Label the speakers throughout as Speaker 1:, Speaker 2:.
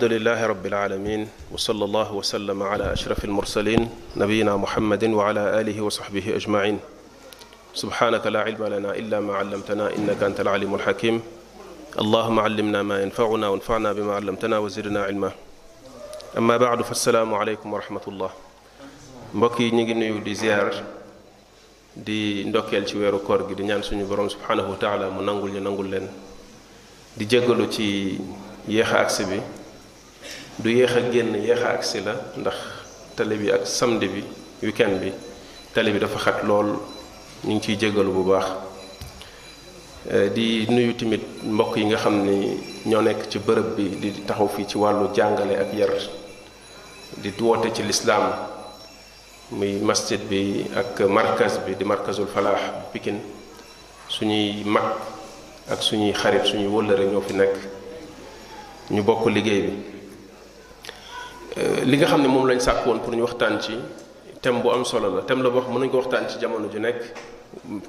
Speaker 1: alhamdulilahi rabbil alamin wa sallallahu wa sallama ala ashraf almursalin nabiyina muhammadin wa ala alihi wa sahbihi ajmain subhanaka la ilma lana illa ma allamtana innaka anta alalim alhakim allahuma allimna ma yanfauna wanfana bima allamtana wa zidna ilma amma baadu fassalaamu aleykum wa rahmatullah mbokk yi ñu ngi nuyu di ziar di ndokkeel ci weeru koor gi di ñaan suñu borom subhanahu wa taala mu nangul ñu nangul leen di jéggalu ci yéex agsi bi du yéex ak génn yéex a la ndax tali bi ak samedi bi weekend bi tali bi dafa xat lool ñu ngi ciy jégalu bu baax euh, di nuyu tamit mbokk yi nga xam ni ñoo nekk ci bërëb bi di taxaw fii ci wàllu jàngale ak yar di woote ci lislaam muy masjid bi ak markaz bi di markazul falaax bu Pikin suñuy mag ak suñuy xarit suñuy wëllëre ñoo fi nekk ñu bokk liggéey bi Euh, li nga xam ne moom lañ sàkk woon pour ñu waxtaan ci thème bu am solo la thème la boo xam mën nañ ko waxtaan ci jamono ju nekk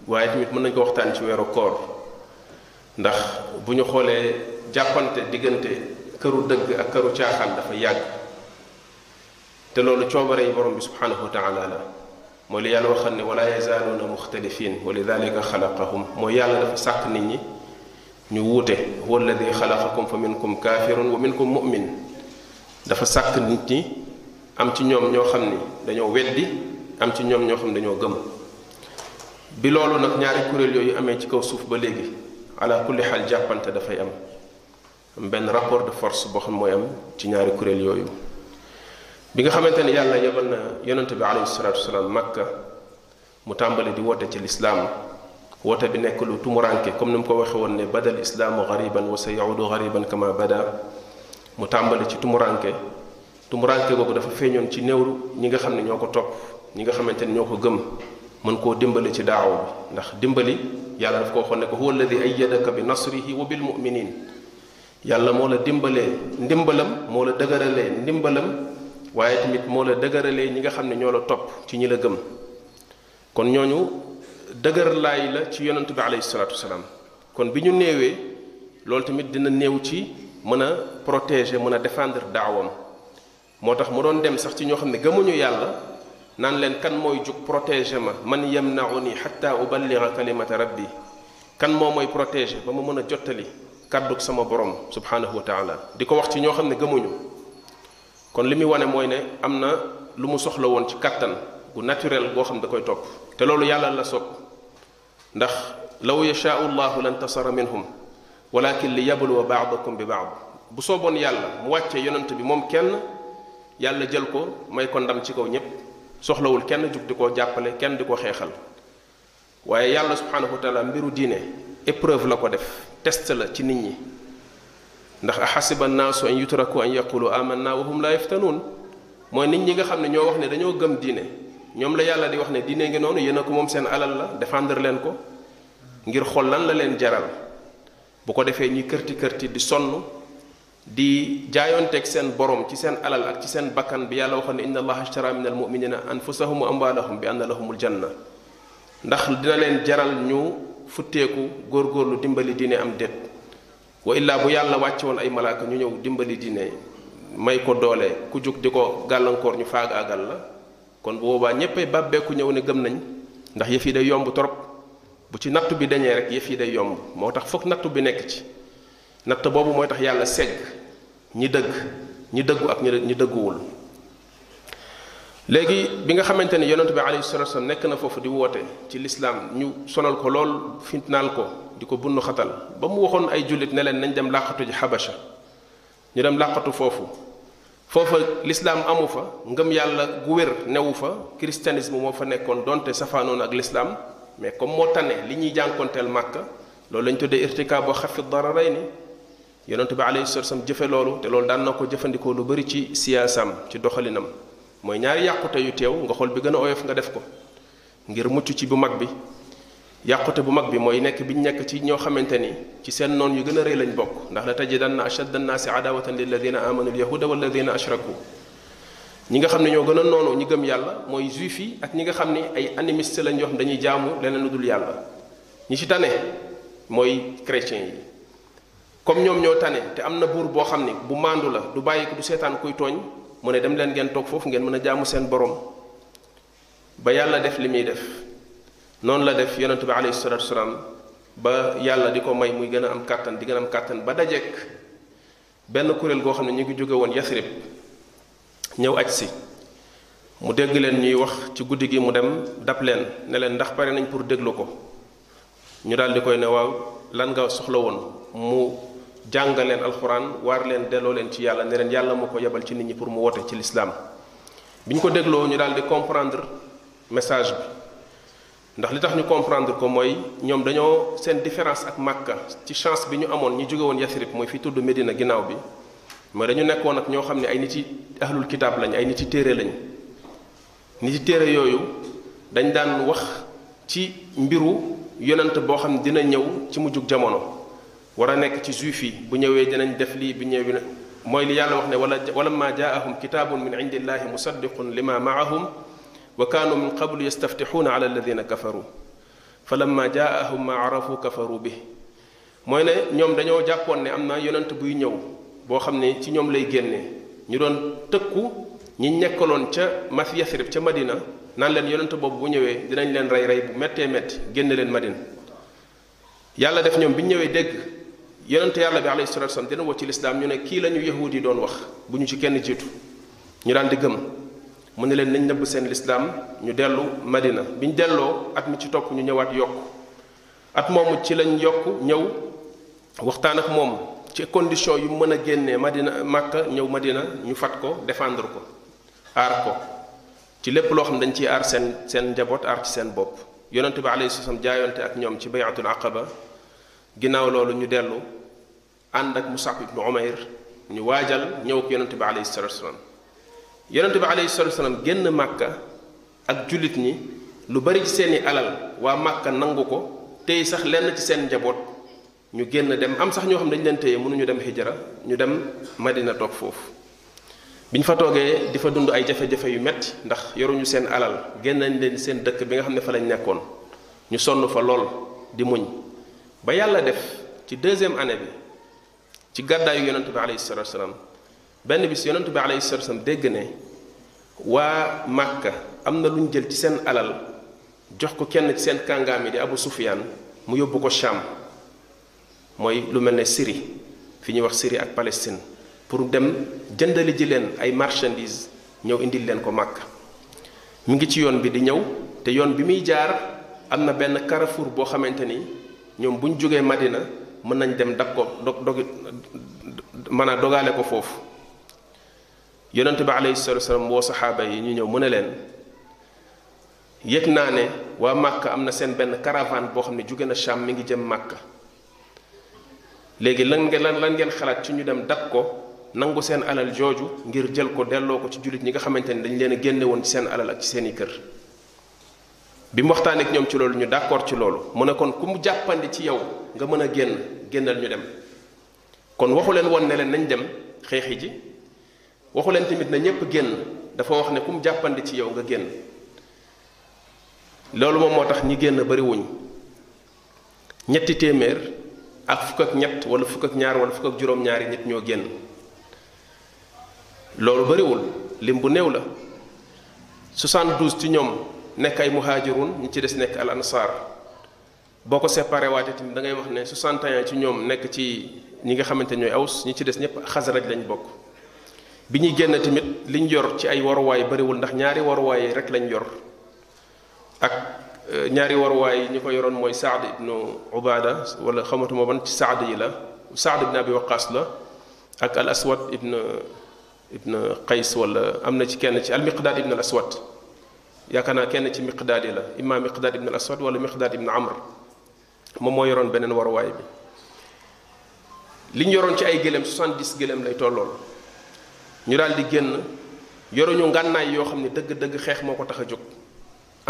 Speaker 1: waaye tamit mën nañ ko waxtaan ci weeru koor ndax bu ñu xoolee jàppante diggante këru dëgg ak këru caaxaan dafa yàgg te loolu coobare yi borom bi subhanahu wa mooy li yàlla waxal ne wala yazaaluuna muxtalifin wa lidalika xalaqahum mooy yàlla dafa nit ñi ñu wuute huwa alladi xalaqakum fa minkum kafirun wa minkum mu'min dafa sàkk nit ñi am ci ñoom ñoo xam ni dañoo weddi am ci ñoom ñoo xam ne dañoo gëm bi loolu nag ñaari kuréel yooyu amee ci kaw suuf ba léegi ala kulli xaal jàppante dafay am am benn rapport de force boo xam mooy am ci ñaari kuréel yooyu bi nga xamante ni yàlla yebal na yonente bi alayhi salatu wasalaam makka mu tàmbali di woote ci lislaam woote bi nekk lu tumuranke comme ni mu ko waxe woon ne badal islaamu gariban wa sa yaudu gariban kama mu tàmbali ci tumuranke tumuranke boobu dafa feeñoon ci néewlu ñi nga xam ne ñoo ko topp ñi nga xamante ne ñoo ko gëm mën koo dimbali ci daaw bi ndax dimbali yàlla daf ko waxoon ne ko huwa alladi ayyadaka bi nasrihi wa bil yàlla moo la dimbalee ndimbalam moo la dëgëralee ndimbalam waaye tamit moo la dëgëralee ñi nga xam ne ñoo la topp ci ñi la gëm kon ñooñu dëgër laay la ci yonent bi alayhi salaatu wasalaam kon bi ñu néewee loolu tamit dina ci mën a protéger mën a defendre daawam moo tax mu doon dem sax ci ñoo xam ne gëmuñu yàlla naan leen kan mooy jug protéger ma man yamnauni xatta uballiga kalimata rabbi kan moo mooy protéger ba ma mën a jottali kàddu sama borom subhanahu wa taala di ko wax ci ñoo xam ne gëmuñu kon li muy wane mooy ne am na lu mu soxla woon ci kàttan gu naturel boo xam da koy topp te loolu yàlla la sopp ndax law yashaau llahu lan tasara minhum walakin li yabluwa baadakum bi baad bu sooboon yàlla mu wàccee yonent bi moom kenn yàlla jël ko may ko ndam ci kaw ñépp soxlawul kenn jug di ko jàppale kenn di ko xeexal waaye yàlla subhaanahu wa taala mbiru diine épreuve la ko def test la ci nit ñi ndax ahasiba annaasu an yutraku an yaqulu amanna wa hum la yaftanuun mooy nit ñi nga xam ne ñoo wax ne dañoo gëm diine ñoom la yàlla di wax ne diine ngi noonu yéen ko moom seen alal la défendre leen ko ngir xool lan la leen jaral bu ko defee ñuy kërti kërti di sonn di jaayoonteeg seen borom ci seen alal ak ci seen bakkan bi yàlla waxoon ne inna allaha ashtara min al muminina anfusahum wa amwalahum bi anna lahumul janna ndax dina leen jaral ñu futteeku góorgóorlu dimbali diine am déet wa illaa bu yàlla wàcce woon ay malaaka ñu ñëw dimbali diine may ko doole ku jóg di ko gàllankoor ñu faagaagal la kon bu boobaa ñépp bàbbeeku ñëw ne gëm nañ ndax yëf yi day yomb torop bu ci nattu bi dañee rek yëf yi day yomb moo tax foog nattu bi nekk ci natt boobu mooy tax yàlla segg ñi dëgg ñi dëggu ak ñi dëgguwul léegi bi nga xamante ni yonent bi alayhi salatu nekk na foofu di woote ci lislaam ñu sonal ko lool fitnaal ko di ko bunn xatal ba mu waxoon ay jullit ne leen nañ dem làqatu ji xabasha ñu dem làqatu foofu foofa lislaam amu fa ngëm yàlla gu newu fa christianisme moo fa nekkoon donte safaanoonu ak lislaam mais comme moo tane li ñuy jànkonteel màkk loolu lañ tuddee irtika boo xafit dara rey ni yonentu bi alayhi salaatu salaam jëfe loolu te loolu daan na ko jëfandikoo lu bëri ci siyaasam ci doxalinam mooy ñaari yàqute yu teew nga xool bi gën a oyof nga def ko ngir mucc ci bu mag bi yàqute bu mag bi mooy nekk biñ nekk ci ñoo xamante ni ci seen noon yu gën a rëy lañ bokk ndax la tajidanna ashadda annaasi adaawatan lilladina amanu alyahuda walladina ashraku ñi nga xam ne ñoo gën a noonoo ñi gëm yàlla mooy juif yi ak ñi nga xam ne ay animiste lañ jox dañuy jaamu leneen lu dul yàlla ñi ci tane mooy chrétien yi comme ñoom ñoo tane te am na buur boo xam ne bu maandu la du bàyyi ko du seetaan kuy tooñ mu ne dem leen ngeen toog foofu ngeen mën a jaamu seen borom ba yàlla def li muy def noonu la def yonent bi alayhi salatu wasalaam ba yàlla di ko may muy gën a am kàttan di gën a am kàttan ba dajeek benn kuréel goo xam ne ñu ngi jóge woon Yasrib ñëw agsi mu dégg leen ñuy wax ci guddi gi mu dem dab leen ne leen ndax pare nañ pour déglu ko ñu daal di koy ne waaw lan nga soxla woon mu jàngal leen alxuraan waar leen delloo leen ci yàlla ne leen yàlla moo ko yebal ci nit ñi pour mu woote ci lislaam bi ñu ko dégloo ñu daal di comprendre message bi ndax li tax ñu comprendre ko mooy ñoom dañoo seen différence ak Makka ci chance bi ñu amoon ñu jóge woon Yasrib mooy fi tudd Medina ginnaaw bi mooy dañu nekkoon ak ñoo xam ne ay nit yi ahlul kitaab lañ ay nit yi téere lañ nit yi téere yooyu dañ daan wax ci mbiru yonent boo xam ne dina ñëw ci mujjug jamono war a nekk ci juif yi bu ñëwee dinañ def lii bu ñëwee mooy li yàlla wax ne wala walamma jaahum kitaabun min indillahi musaddiqun lima maahum wa kaanu min qablu yastaftixuuna ala alladina kafaru fa lamma jaahum ma arafu kafaru bi mooy ne ñoom dañoo jàppoon ne am na yonent buy ñëw boo xam ne ci ñoom lay génne ñu doon tëkku ñi nekkaloon ca mas yasrib ca madina naan leen yonent boobu bu ñëwee dinañ leen rey rey bu méttee métti génn leen madina yàlla def ñoom bi ñu ñëwee dégg yonent yàlla bi alayhi salatu wasallam dina woo ci lislaam ñu ne kii la ñu yahud yi doon wax bu ñu ci kenn jiitu ñu daan di gëm mu ne leen nañ nëbb seen lislaam ñu dellu madina bi ñu delloo at mi ci topp ñu ñëwaat yokk at moomu ci lañ yokk ñëw waxtaan ak moom ci condition yu mën a génnee Madina Màkka ñëw Madina ñu fat ko défendre ko aar ko ci lépp loo xam dañ ciy aar seen seen njaboot aar ci seen bopp yonent bi alayhi salaam jaayonte ak ñoom ci bayatul aqaba ginnaaw loolu ñu dellu ànd ak Musab ibnu Umayr ñu waajal ñëw ak yonent bi alayhi salaam yonent bi alayhi salaam génn Màkka ak jullit ñi lu bari ci seeni alal waa Màkka nangu ko tey sax lenn ci seen njaboot ñu génn dem am sax ñoo xam ne dañu leen téye mënuñu dem hijra ñu dem madina toog foofu bi ñu fa toogee di fa dund ay jafe-jafe yu metti ndax yoruñu seen alal génn nañ leen seen dëkk bi nga xam ne fa lañ nekkoon ñu sonn fa lool di muñ ba yàlla def ci deuxième année bi ci gàddaayu yonent bi alayhi salatu wasalaam benn bis yonent bi alayhi salatu wasalaam dégg ne waa Màkka am na lu ñu jël ci seen alal jox ko kenn ci seen kàngaam yi di Abu Sufyaan mu yóbbu ko Sham mooy lu mel ne Syrie fi ñuy wax Syrie ak Palestine pour dem jëndali ji leen ay marchandises ñëw indi leen ko Makka mu ngi ci yoon bi di ñëw te yoon bi muy jaar am na benn carrefour boo xamante ni ñoom bu ñu jógee Madina mën nañ dem dab ko dog dog a dogaale ko foofu yonente bi alayhi salatu wasalam woo saxaaba yi ñu ñëw mu ne leen yëg naa ne waa Makka am na seen benn caravane boo xam ne jóge na Cham mi ngi jëm màkka léegi lan ngeen lan lan ngeen xalaat ci ñu dem dab ko nangu seen alal jooju ngir jël ko delloo ko ci jullit ñi nga xamante ni dañ leen a génne woon ci seen alal ak ci seeni kër bi mu waxtaanee ñoom ci loolu ñu d'accord ci loolu mu ne kon ku mu jàppandi ci yow nga mën a génn génnal ñu dem kon waxu leen woon ne leen nañ dem xeexi ji waxu leen tamit na ñëpp génn dafa wax ne ku mu jàppandi ci yow nga génn loolu moom moo tax ñi génn bari ñetti téeméer. ak fukk ak ñett wala fukk ak ñaar wala fukk ak juróom-ñaari nit ñoo génn loolu bariwul lim bu néew la 72 ci ñoom nekk ay muhaajirun ñi ci des nekk al ansar boo ko séparé waate tamit da ngay wax ne 61 ci ñoom nekk ci ñi nga xamante ñooy aws ñi ci des ñëpp xasaraj lañ bokk bi ñuy génn tamit liñ yor ci ay waruwaay bariwul ndax ñaari waruwaay rek lañ yor ak Euh, ñaari waruwaay yi ñu ko yoroon mooy saad ibnu ubada wala xamatuma ban ci saad yi la saad ibnu abi la ak al aswad ibnu ibnu qays am na ci kenn ci al miqdaad ibnu al aswad yaakaar kenn ci miqdaad yi la imma miqdaad ibnu al wala miqdaad ibnu amr moom moo yoroon beneen waruwaay bi li ñu yoroon ci ay gëléem 70 gëléem lay tollool ñu daal di génn yoruñu ngànnaay yoo xam ne dëgg-dëgg xeex moo ko tax a jóg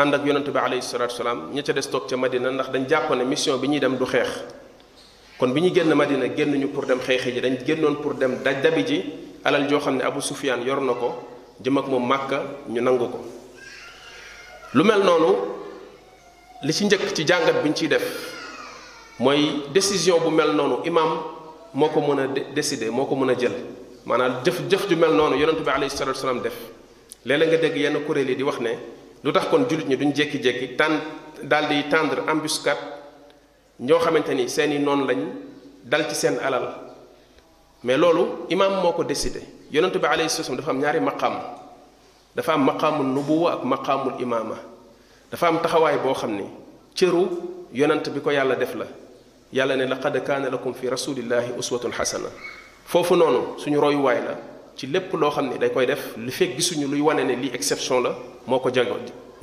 Speaker 1: ànd ak yonent bi alayhi salaatu salaam ña ca des toog ca Madina ndax dañ jàpp ne mission bi ñuy dem du xeex kon bi ñu génn Madina génnuñu pour dem xeexi ji dañ génnoon pour dem daj dabi ji alal joo xam ne Abu Sufyaan yor na ko jëm ak moom Màkka ñu nangu ko lu mel noonu li ci njëkk ci jàngat bi ñu ciy def mooy décision bu mel noonu imaam moo ko mën a décider moo ko mën a jël maanaam jëf jëf ju mel noonu yonent bi alayhi salaatu salaam def léeg nga dégg yenn kuréel yi di wax ne. lu tax kon jullit ñi duñ jékki-jékki tànn daal di tendre embuscade ñoo xamante ni seeni noonu lañ dal ci seen alal mais loolu imaam moo ko décidé yonent bi alayhi salaam dafa am ñaari maqaam dafa am maqaamul nubuwa ak maqaamul imaama dafa am taxawaay boo xam ni cëru yonant bi ko yàlla def la yàlla ne laqad kaana lakum fi rasulillahi uswatun xasana foofu noonu suñu royuwaay la ci lépp loo xam ne day koy def lu fekk gisuñu luy wane ne lii exception la moo ko jago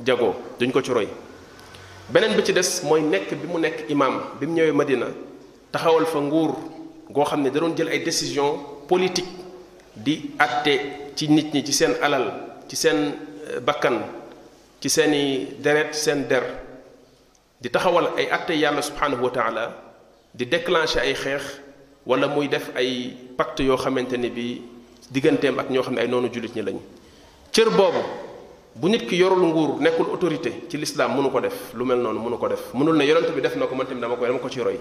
Speaker 1: jagoo duñ ko ci roy beneen bi ci des mooy nekk bi mu nekk imaam bi mu ñëwee Madina taxawal fa nguur goo xam ne da doon jël ay décision politique di àtte ci nit ñi ci seen alal ci seen euh, bakkan ci seeni deret seen der di taxawal ay àtte yàlla subhanahu wa taala di déclencher ay xeex wala muy def ay pacte yoo xamante ni bi digganteem ak ñoo xam ne ay noonu jullit ñi lañu cër boobu bu nit ki yorul nguur nekkul autorité ci lislaam mënu ko def lu mel noonu mënu ko def mënul ne yonent bi def na ko mën tamit dama koy ko ci roy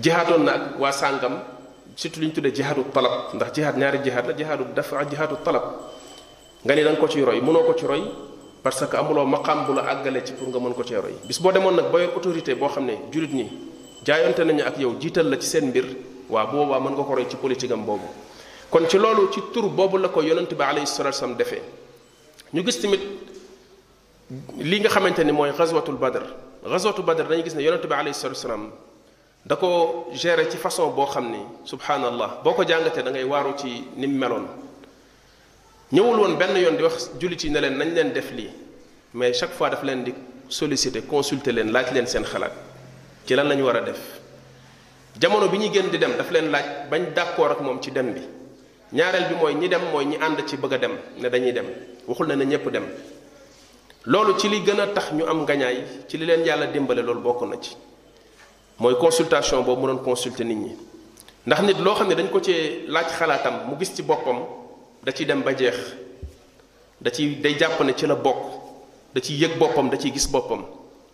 Speaker 1: jihaatoon na ak waa sàngam surtout li ñu tuddee jihaadu talab ndax jihaad ñaari jihaad la jihaadu dafa jihaadu talab nga ni da ko ciy roy mënoo ko ci roy parce que amuloo maqam bu la àggale ci pour nga mën ko cee roy bis boo demoon nag ba yor autorité boo xam ne jullit ñi jaayonte nañu ak yow jiital la ci seen mbir waa boobaa mën nga ko roy ci politique am boobu kon ci loolu ci tur boobu la ko yonent bi alayhi salatu wasallam defee ñu gis tamit li nga xamante ni mooy ghazwatul badr ghazwatul badr dañu gis ne yonent bi alayhi salatu wasallam da ko gérer ci façon boo xam ni subhanallah boo ko jàngatee da ngay waaru ci ni mu meloon ñëwul woon benn yoon di wax jullit yi ne leen nañ leen def lii mais chaque fois daf leen di solliciter consulter leen laaj leen seen xalaat ci lan lañu war a def jamono bi ñuy gën di dem daf leen laaj bañ d'accord ak moom ci dem bi ñaareel bi mooy ñi dem mooy ñi ànd ci bëgg dem ne dañuy dem waxul na ne ñëpp dem loolu ci li gën a tax ñu am ngañaay ci li leen yàlla dimbale loolu bokk na ci mooy consultation boobu mu doon consulter nit ñi ndax nit loo xam ne dañ ko ci laaj xalaatam mu gis ci boppam da ciy dem ba jeex da ci day jàpp ne ci la bokk da ciy yëg boppam da ciy gis boppam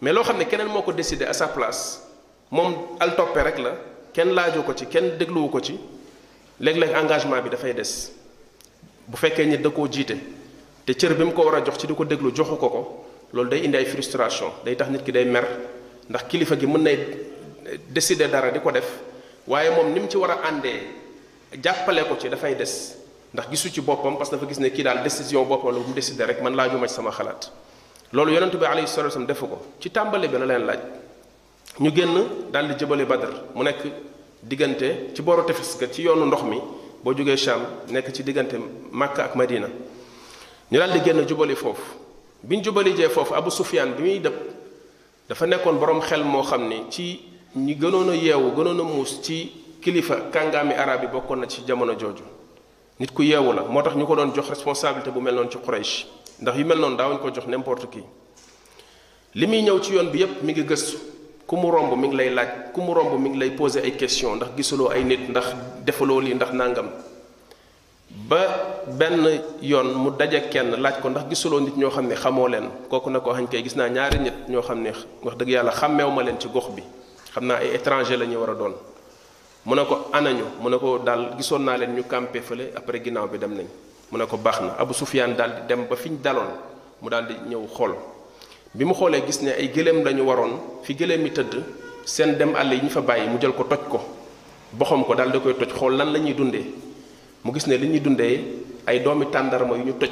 Speaker 1: mais loo xam ne keneen moo ko décidé à sa place moom al toppe rek la kenn laajoo ko ci kenn dégluwu ko ci léeg-léeg engagement bi dafay des bu fekkee nit da koo jiite te cër bi mu ko war a jox ci di ko déglu joxu ko ko loolu day indi ay frustration day tax nit ki day mer ndax kilifa gi mën nay eh, décider dara di ko def waaye moom ni mu ci war a àndee jàppale ko ci dafay des ndax gisu ci boppam parce que dafa gis ne kii daal décision boppam la bu mu décider rek man laaju ma ci sama xalaat loolu yonent bi alayhi salaatu wa salaam defu ko ci tàmbali bi la leen laaj ñu génn daal di jëbali Badr diggante ci booru tefes ci yoonu ndox mi boo jógee Cham nekk ci diggante Makka ak Madina ñu daal di génn jubali foofu bi ñu jubali jee foofu Abu Sufyaan bi muy dëpp dafa nekkoon boroom xel moo xam ni ci ñi gënoon a yeewu gënoon a muus ci kilifa kàngaami araab yi bokkoon na ci jamono jooju nit ku yeewu la moo tax ñu ko doon jox responsabilité bu mel noonu ci Quraysh ndax yu mel noonu daawuñu ko jox n'importe kii li muy ñëw ci yoon bi yépp mi ngi gëstu ku mu romb mi ngi lay laaj ku mu romb mi ngi lay poser ay question ndax gisuloo ay nit ndax defaloo lii ndax nàngam ba benn yoon mu daje kenn laaj ko ndax gisuloo nit ñoo xam ne xamoo leen kooku na ko xañ kay gis naa ñaari nit ñoo xam ne wax dëgg yàlla xàmmeew ma leen ci gox bi xam naa ay étranger la ñu war a doon mu ne ko anañu mu ne ko daal gisoon naa leen ñu campé fële après ginnaaw bi dem nañ mu ne ko baax na Abu Sufyaan daal di dem ba fi ñu daloon mu daal di ñëw xool bi mu xoolee gis ne ay gëléem lañu waroon fi gëléem yi tëdd seen dem àll yi ñu fa bàyyi mu jël ko toj ko boxam ko daal di koy toj xool lan la ñuy dundee mu gis ne li ñuy dundee ay doomi tàndarma yu ñu toj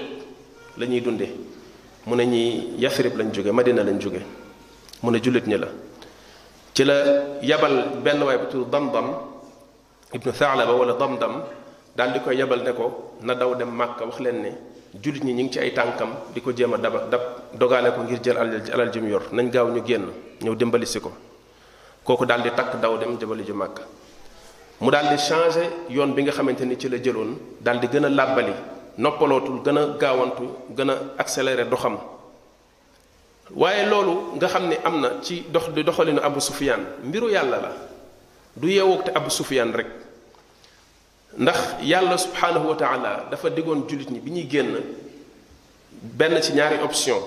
Speaker 1: la ñuy dundee mu ne ñi yasrib lañ jóge ma dina lañ jóge mu ne jullit ñi la ci la yabal benn waay bu tudd dam-dam ibnu Saalaba wala dam-dam daal di koy yabal ne ko na daw dem màkka wax leen ne jullit ñi ñu ngi ci ay tànkam di ko jéem a daba dab dogaale ko ngir jël alal alal ji mu yor nañ gaaw ñu génn ñëw dimbali si ko kooku daal di takk daw dem jëbali ju màkk mu daal di changé yoon bi nga xamante ni ci la jëloon daal di gën a làbbali noppalootul gën a gaawantu gën a accéléré doxam waaye loolu nga xam ne am na ci dox di doxalinu Abu Sufyaan mbiru yàlla la du yeewoog te Abu Sufyaan rek ndax yàlla subhaanahu wa taala dafa diggoon jullit ñi bi ñuy génn benn ci ñaari option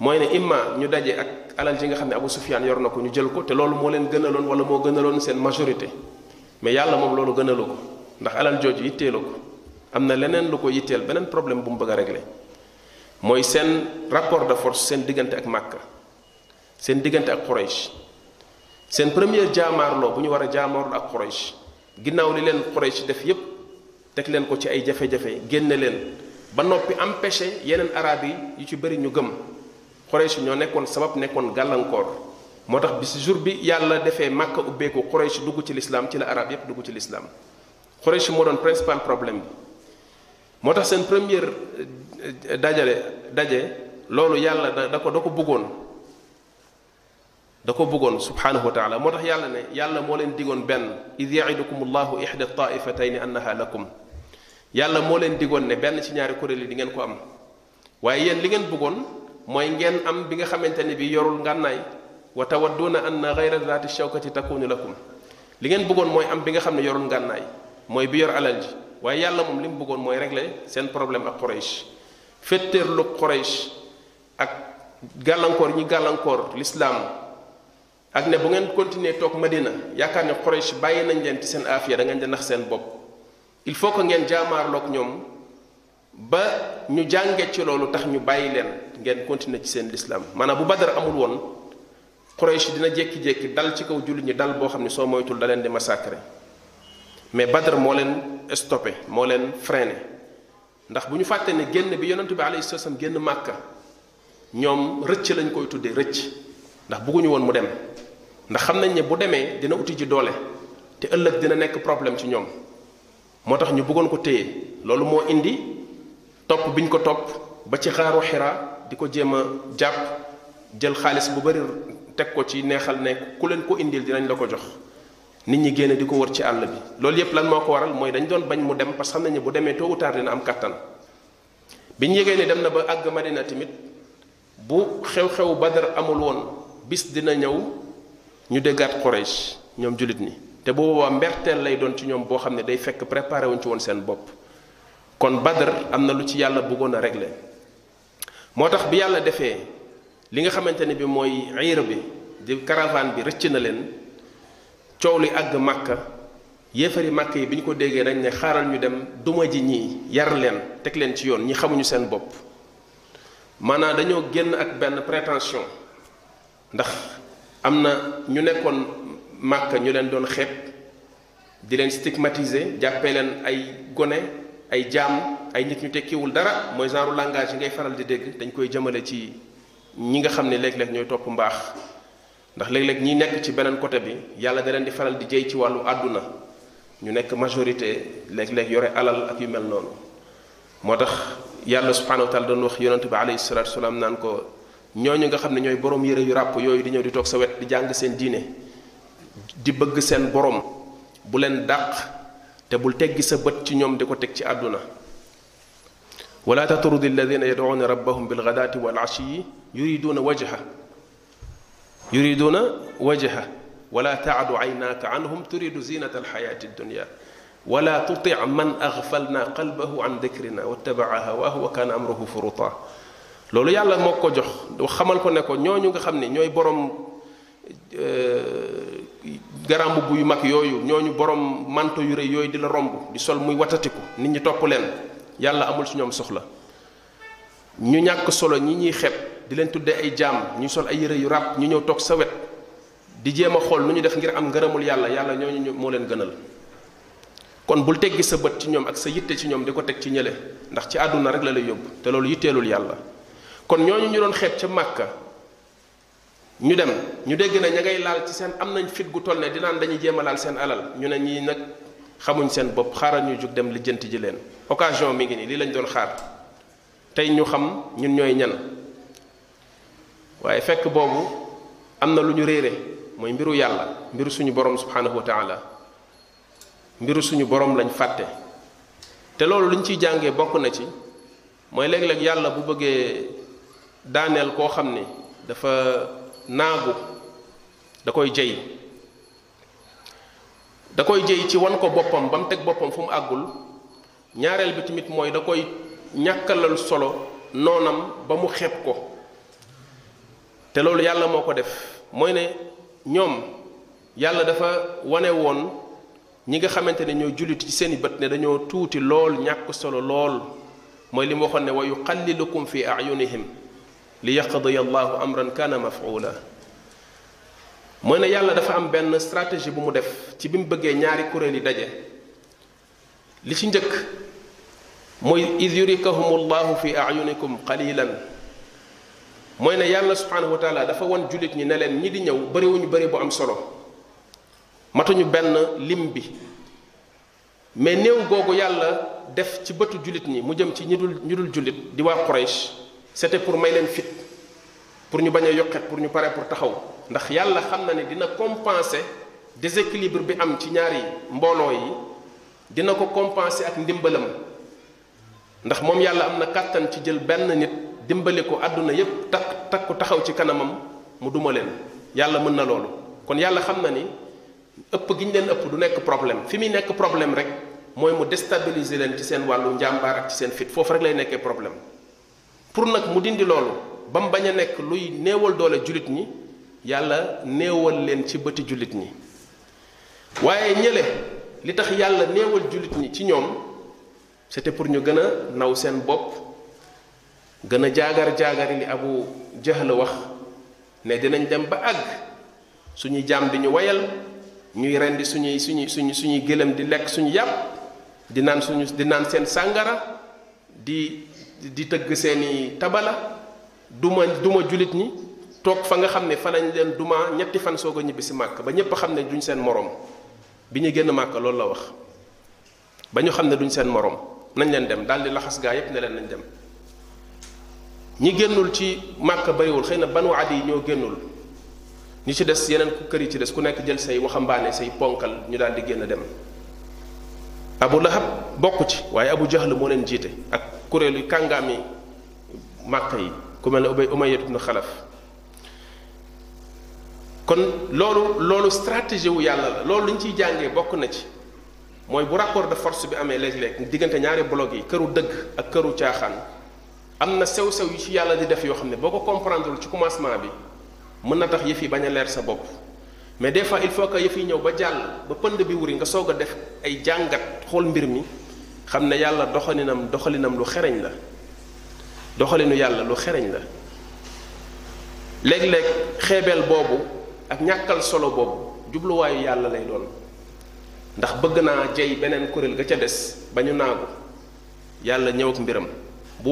Speaker 1: mooy ne imma ñu daje ak alal ji nga xam ne Abu Sufyaan yor na ko ñu jël ko te loolu moo leen gënaloon wala moo gënaloon seen majorité mais yàlla moom loolu gënalu ko ndax alal jooju yitteelu ko am na leneen lu ko yitteel beneen problème bu mu bëgg a régler mooy seen rapport de force seen diggante ak Makka seen diggante ak Quraysh seen première jaamaarloo bu ñu war a jaamaarloo ak Quraysh ginnaaw li leen Quraysh def yépp teg leen ko ci ay jafe-jafe génne leen ba noppi am empêché yeneen arab yi yu ci bëri ñu gëm Quraysh ñoo nekkoon sabab nekkoon gàllankoor moo tax bis jour bi yàlla defee Màkka ubbeeku Quraysh dugg ci lislaam ci la arab yépp dugg ci lislaam Quraysh moo doon principal problème bi moo tax seen première euh, dajale daje loolu yàlla da ko da ko bëggoon da ko bëggoon subhaanahu wa taala moo tax yàlla ne yàlla moo leen digoon benn id yaidukum allahu ixda taifatayni annaha lakum yàlla moo leen digoon ne benn ci ñaari kuréel yi di ngeen ko am waaye yéen li ngeen bëggoon mooy ngeen am bi nga xamante ne bi yorul ngànnaay wa tawadduuna anna gayra zaati shawkati takunu lakum li ngeen bëggoon mooy am bi nga xam ne yorul ngànnaay mooy bi yor alal ji waaye yàlla moom li mu bëggoon mooy régler seen problème ak Quraysh féttéerlu Quraysh ak gàllankoor ñi gàllankoor l'islam ak ne bu ngeen continuer toog Madina yaakaar ne Quraysh bàyyi nañ leen ci seen aafiya da ngeen di nax seen bopp il faut que ngeen jaamaarloog ñoom ba ñu jànge ci loolu tax ñu bàyyi leen ngeen continuer ci seen lislaam maanaam bu Badar amul woon Quraysh dina jékki-jékki dal ci kaw jullit ñi dal boo xam ne soo moytul da leen di massacrer mais Badar moo leen stoppé moo leen freiné ndax bu ñu fàtte ne génn bi yonent bi sa salaam génn Màkka ñoom rëcc lañ koy tuddee rëcc ndax bëgguñu woon mu dem ndax xam nañ ne bu demee dina uti ji doole te ëllëg dina nekk problème ci ñoom moo tax ñu bëggoon ko téye loolu moo indi topp biñ ko topp ba ci xaaru Hira di ko jéem a jàpp jël xaalis bu bari teg ko ci neexal ne ku leen ko indil dinañ la ko jox nit ñi génn di ko wër ci àll bi loolu yépp lan moo ko waral mooy dañu doon bañ mu dem parce que xam nañ ne bu demee tôt taar dina am kàttan biñ yégee ne dem na ba àgg Madina tamit bu xew-xewu Badar amul woon bis dina ñëw ñu déggaat Quraysh ñoom jullit ni te boobaa mberteel lay doon ci ñoom boo xam ne day fekk préparé wuñ ci woon seen bopp kon Badr am na lu ci yàlla bëggoon a régler moo tax bi yàlla defee li nga xamante ne bi mooy ayir bi di caravane bi rëcc na leen coow li àgg Makka yéefari màkk yi bi ñu ko déggee dañ ne xaaral ñu dem duma ji ñii yar leen teg leen ci yoon ñi xamuñu seen bopp maanaa dañoo génn ak benn prétention ndax am na ñu nekkoon màkk ñu leen doon xeeb di leen stigmatiser jàppee leen ay gone ay jaam ay nit ñu tekkiwul dara mooy genre langage yi ngay faral di dégg dañ koy jëmale ci ñi nga xam ne léeg-léeg ñooy topp mbaax ndax léeg-léeg ñi nekk ci beneen côté bi yàlla da leen di faral di jëy ci wàllu àdduna ñu nekk majorité léeg-léeg yore alal ak yu mel noonu moo tax yàlla subhanahu wa taala doon wax yonent bi alayhi salatu salaam naan ko ñooñu nga xam ne ñooy boroom yére yu ràpp yooyu di ñëw di toog sa wet di jàng seen diine di bëgg seen boroom bu leen dàq te bul teggi sa bët ci ñoom di ko teg ci àdduna wala tatrudi alladina yadcuuna rabbahum bilgadaati wal ashiyi yuriduuna wajha yuriduuna wajha wala taadu aynaaka anhum turidu zinata alxayaati addunia wala tutic man agfalna qalbahu an dikrina wattabaca hawaahu wa kaana amruhu furuta loolu yàlla moo ko jox xamal ko ne ko ñoo ñu nga xam ne ñooy borom euh, garambu bu yu mag yooyu ñoo ñu borom manto yu rëy yooyu di la romb di sol muy watatiku nit ñi topp leen yàlla amul ci ñoom soxla ñu ñàkk solo ñi ñuy xeeb di leen tuddee ay jaam ñu sol ay yëre yu ràpp ñu ñëw toog sa wet di jéem a xool nu ñu def ngir am ngërëmul yàlla yàlla ñooñu moo leen gënal kon bul teggi sa bët ci ñoom ak sa yitte ci ñoom di ko teg ci ñële ndax ci àdduna rek la lay yóbbu loolu yitteelul yàlla kon ñooñu ñu doon xeet ca màkka ñu dem ñu dégg na ña ngay laal ci seen am nañ fit gu toll ne dinaan dañuy jéemalaal seen alal ñu ne ñii nag xamuñ seen bopp xaaral ñu jóg dem lijjant ji leen occasion mi ngi nii lii lañ doon xaar tey ñu xam ñun ñooy ñan waaye fekk boobu am na lu ñu réere mooy mbiru yàlla mbiru suñu borom subhanahu wa taala mbiru suñu borom lañ fàtte te loolu liñ ciy jàngee bokk na ci mooy léeg-léeg yàlla bu bëggee daaneel koo xam ne dafa naagu da koy jëy da koy jëy ci wan ko boppam ba mu teg boppam fu mu àggul ñaareel bi tamit mooy da koy ñàkkalal solo noonam ba mu xeeb ko te loolu yàlla moo ko def mooy ne ñoom yàlla dafa wane woon ñi nga xamante ne ñoo jullit ci seeni i bët ne dañoo tuuti lool ñàkk solo lool mooy li mu waxoon ne wa yuqallilukum fi ayunihim li yaqdiya allahu amran kana mafula mooy na yàlla dafa am benn stratégie bu mu def ci bi mu bëggee ñaari kuréel yi daje li ci njëkk mooy id yurikahum allahu fi ayunikum qalilan mooy na yàlla subhanahu wa taala dafa wan jullit ñi ne leen ñi di ñëw bëriwuñu bari bu am solo matuñu benn lim bi mais néew googu yàlla def ci bëtu jullit ñi mu jëm ci ñi dul ñi dul jullit di waa Quraysh c'était pour may leen fit pour ñu bañ a yokkat pour ñu pare pour taxaw ndax yàlla xam na ne dina compenser déséquilibre bi am ci ñaari mbooloo yi dina ko compenser ak ndimbalam ndax moom yàlla am na kàttan ci jël benn nit dimbali ko àdduna yépp takk takku taxaw ci kanamam mu duma leen yàlla mën na loolu kon yàlla xam na ni ëpp gi ñu leen ëpp du nekk problème fi muy nekk problème rek mooy mu déstabiliser leen ci seen wàllu njàmbaar ak ci seen fit foofu rek lay nekkee problème pour nag mu dindi loolu ba mu bañ a nekk luy néewal doole jullit ñi yàlla néewal leen ci bëti jullit ñi waaye ñële li tax yàlla néewal jullit ñi ci ñoom c'était pour ñu gën a naw seen bopp gën a jaagar jaagari li abu jahl wax ne dinañ dem ba àgg suñuy jaam di ñu wayal ñuy rendi suñuy suñuy suñu suñuy gëléem di lekk suñu yàpp di naan suñu di naan seen sàngara di di tëgg seeni tabala duma duma jullit ñi toog fa nga xam ne fa lañ leen duma ñetti fan soog a ñibbi si màkk ba ñépp xam ne duñ seen moroom bi ñu génn màkk loolu la wax ba ñu xam ne duñ seen moroom nañ leen dem daal di laxas gaa yépp ne leen nañ dem ñi génnul ci màkk bayiwul xëy na banu adi yi ñoo génnul ñi ci des yeneen ku kër yi ci des ku nekk jël say waxambaane say ponkal ñu daal di génn dem abu lahab bokk ci waaye abu jahl moo leen jiite ak kuréelu kàngaami màkk yi ku mel ne ubay umayyad ibn xalaf kon loolu loolu stratégie wu yàlla la loolu lu ñu ciy jàngee bokk na ci mooy bu rapport de force bi amee léeg-léeg diggante ñaari bloc yi këru dëgg ak këru caaxaan am na sew-sew yu ci yàlla di def yoo xam ne boo ko comprendre ci commencement bi mën na tax yëf yi bañ a leer sa bopp mais des fois il faut que yëf yi ñëw ba jàll ba pënd bi wuri nga soog a def ay jàngat xool mbir mi xam ne yàlla doxalinam doxalinam lu xereñ la doxalinu yàlla lu xereñ la léeg-léeg xeebeel boobu ak ñàkkal solo boobu jubluwaayu yàlla lay doon ndax bëgg naa jey beneen kuréel ga ca des ba ñu naagu yàlla ñëw ak bu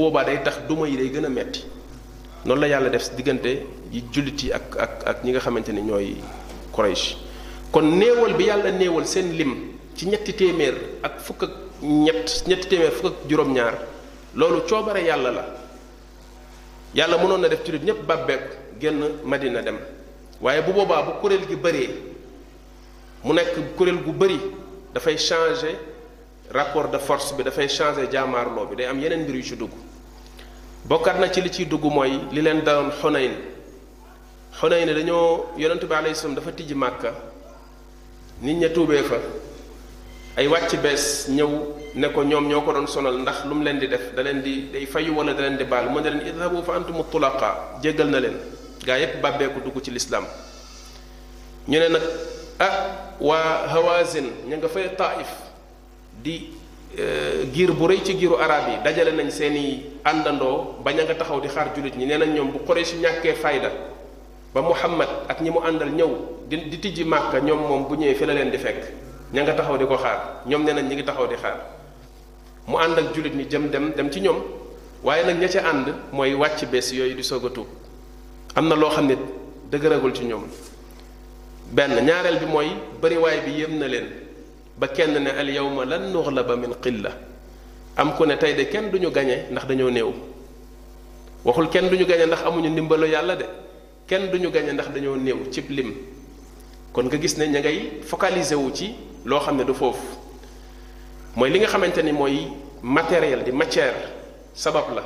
Speaker 1: boobaa day tax duma yi day gën a metti noonu la yàlla def si diggante yi jullit yi ak ak ak ñi nga xamante ni ñooy Quraysh kon néewal bi yàlla néewal seen lim ci ñetti téeméer ak fukk ak ñett ñetti téeméer fukk ak juróom-ñaar loolu coobare yàlla la yàlla mënoon na def ci ñépp bàbbeeku génn madina dem waaye bu boobaa bu kuréel gi bëree mu nekk kuréel gu bëri dafay changer rapport de force bi dafay changer jaamaarloo bi day am yeneen mbir yu ci dugg bokkat na ci li ciy dugg mooy li leen daloon Xunayn Xunayn dañoo yonent bi alayhi salaam dafa tijji Màkka nit ña tuubee fa ay wàcc bees ñëw ne ko ñoom ñoo ko doon sonal ndax lu mu leen di def daleen di day fayu wala da leen di baal mu ne leen idhabu fa antumu tulaqa jéggal na leen gaa yépp bàbbeeku dugg ci lislaam ñu ne nag ah waa hawazin ña nga fay taif di eh, giir bu rëy ci giiru araab yi dajale nañ seeni àndandoo bañ a nga taxaw di xaar jullit ñi nee nañ ñoom bu su ñàkkee fayda ba Muhammad ak ñi mu àndal ñëw di di tijji Màkka ñoom moom bu ñëwee fi la leen di fekk ña nga taxaw di ko xaar ñoom nee nañ ñi ngi taxaw di xaar mu ànd ak jullit ñi jëm dem dem ci ñoom waaye nag ña ca ànd mooy wàcc bés yooyu di soog am na loo xam ne dëgëragul ci ñoom benn ñaareel bi mooy bariwaay bi yëm na leen ba kenn ne al yawma lan nuxlaba min la am ku ne tey de kenn duñu gañe ndax dañoo néew waxul kenn duñu gañe ndax amuñu ndimbalu yàlla de kenn duñu gañe ndax dañoo néew cib lim kon nga gis ne ña ngay focaliser wu ci loo xam ne du foofu mooy li nga xamante ni mooy matériel di matière sabab la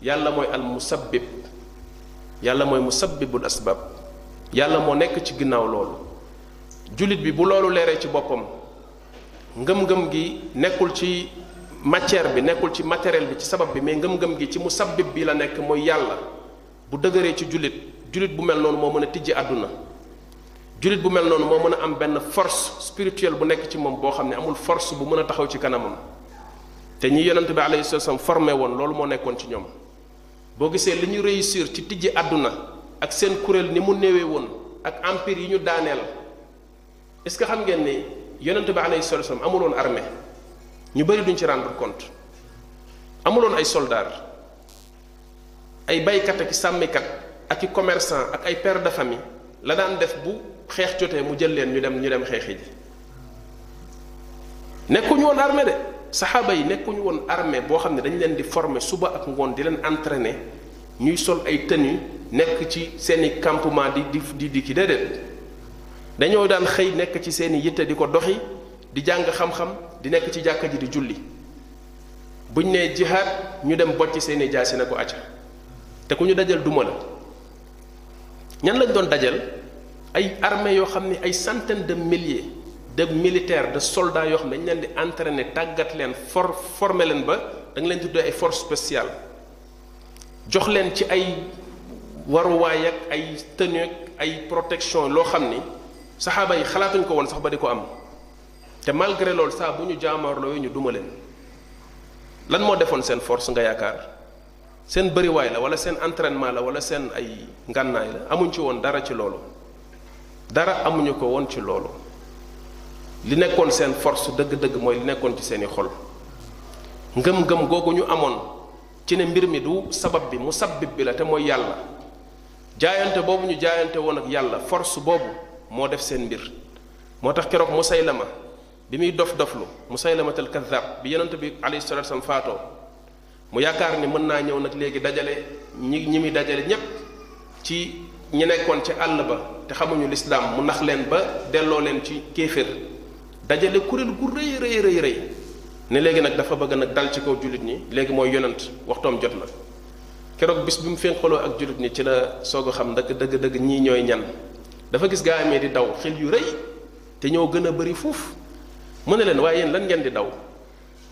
Speaker 1: yàlla mooy al musabbib yàlla mooy musabbibul asbab yàlla moo nekk ci ginnaaw loolu jullit bi bu loolu leeree ci boppam ngëm-ngëm gi nekkul ci matière bi nekkul ci matériel bi ci sabab bi mais ngëm-ngëm gi ci musabbib bi la nekk mooy yàlla bu dëgëree ci jullit jullit bu mel noonu moo mën a tijji àdduna jullit bu mel noonu moo mën a am benn force spirituelle bu nekk ci moom boo xam ne amul force bu mën a taxaw ci kanamam te ñi yonent bi alayhi salaam formé woon loolu moo nekkoon ci ñoom boo gisee li ñu réussir ci tijji àdduna ak seen kuréel ni mu néewee woon ak empire yi ñu daaneel est ce que xam ngeen ni yonent bi alayhi salaam amuloon armée ñu bëri duñ ci rendre compte amuloon ay soldats ay baykat ak i sàmmikat ak i commerçant ak ay pères de famille. la daan def bu xeex jotee mu jël leen ñu dem ñu dem xeexi ji nekkuñu woon armée de saxaaba yi nekkuñu woon armée boo xam ne dañ leen di former suba ak ngoon di leen entraîner ñuy sol ay tenue nekk ci seeni campement di di di ki déedéet dañoo daan xëy nekk ci seeni yitte di ko doxi di jàng xam-xam di nekk ci jàkka ji di julli buñ ne jihaad ñu dem bocc seeni jaasi na ko acca te ku ñu dajal duma la ñan lañ doon dajal ay armée yoo xam ne ay centaine de milliers de militaires de soldats yoo xam ne dañ leen di entraîner tàggat leen for former leen ba da nga leen tuddee ay force spéciale jox leen ci ay waruwaay ak ay tenue ak ay protection loo xam ni saxaaba yi xalaatuñ ko woon sax ba di ko am te malgré loolu saa bu ñu jaamarloo ñu duma leen lan moo defoon seen force nga yaakaar seen bëriwaay la wala seen entraînement la wala seen ay ngànnaay la amuñ ci woon dara ci loolu dara amuñu ko woon ci loolu li nekkoon seen force dëgg-dëgg mooy li nekkoon ci seeni xol ngëm-ngëm googu ñu amoon ci ne mbir mi du sabab bi mu sabbib bi la te mooy yàlla jaayante boobu ñu jaayante woon ak yàlla force boobu moo def seen mbir moo tax keroog Musaylama bi muy dof doflu Musaylamatal kaddaab bi yonent bi alayhi salaatu wa salaam faatoo mu yaakaar ni mën naa ñëw nag léegi dajale ñi ñi muy dajale ñépp ci ñi nekkoon ci àll ba te xamuñu lislaam mu nax leen ba delloo leen ci kéefér dajale kuréel gu rëy rëy ne léegi nag dafa bëgg nag dal ci kaw jullit ñi léegi mooy yonant waxtoom jot na keroog bis bi mu fénqaloo ak jullit ñi ci la soog xam ndëkk dëgg dëgg ñii ñooy ñan dafa gis gaa amee di daw xel yu rëy te ñoo gën a bëri fuuf mu ne leen waaye yéen lan ngeen di daw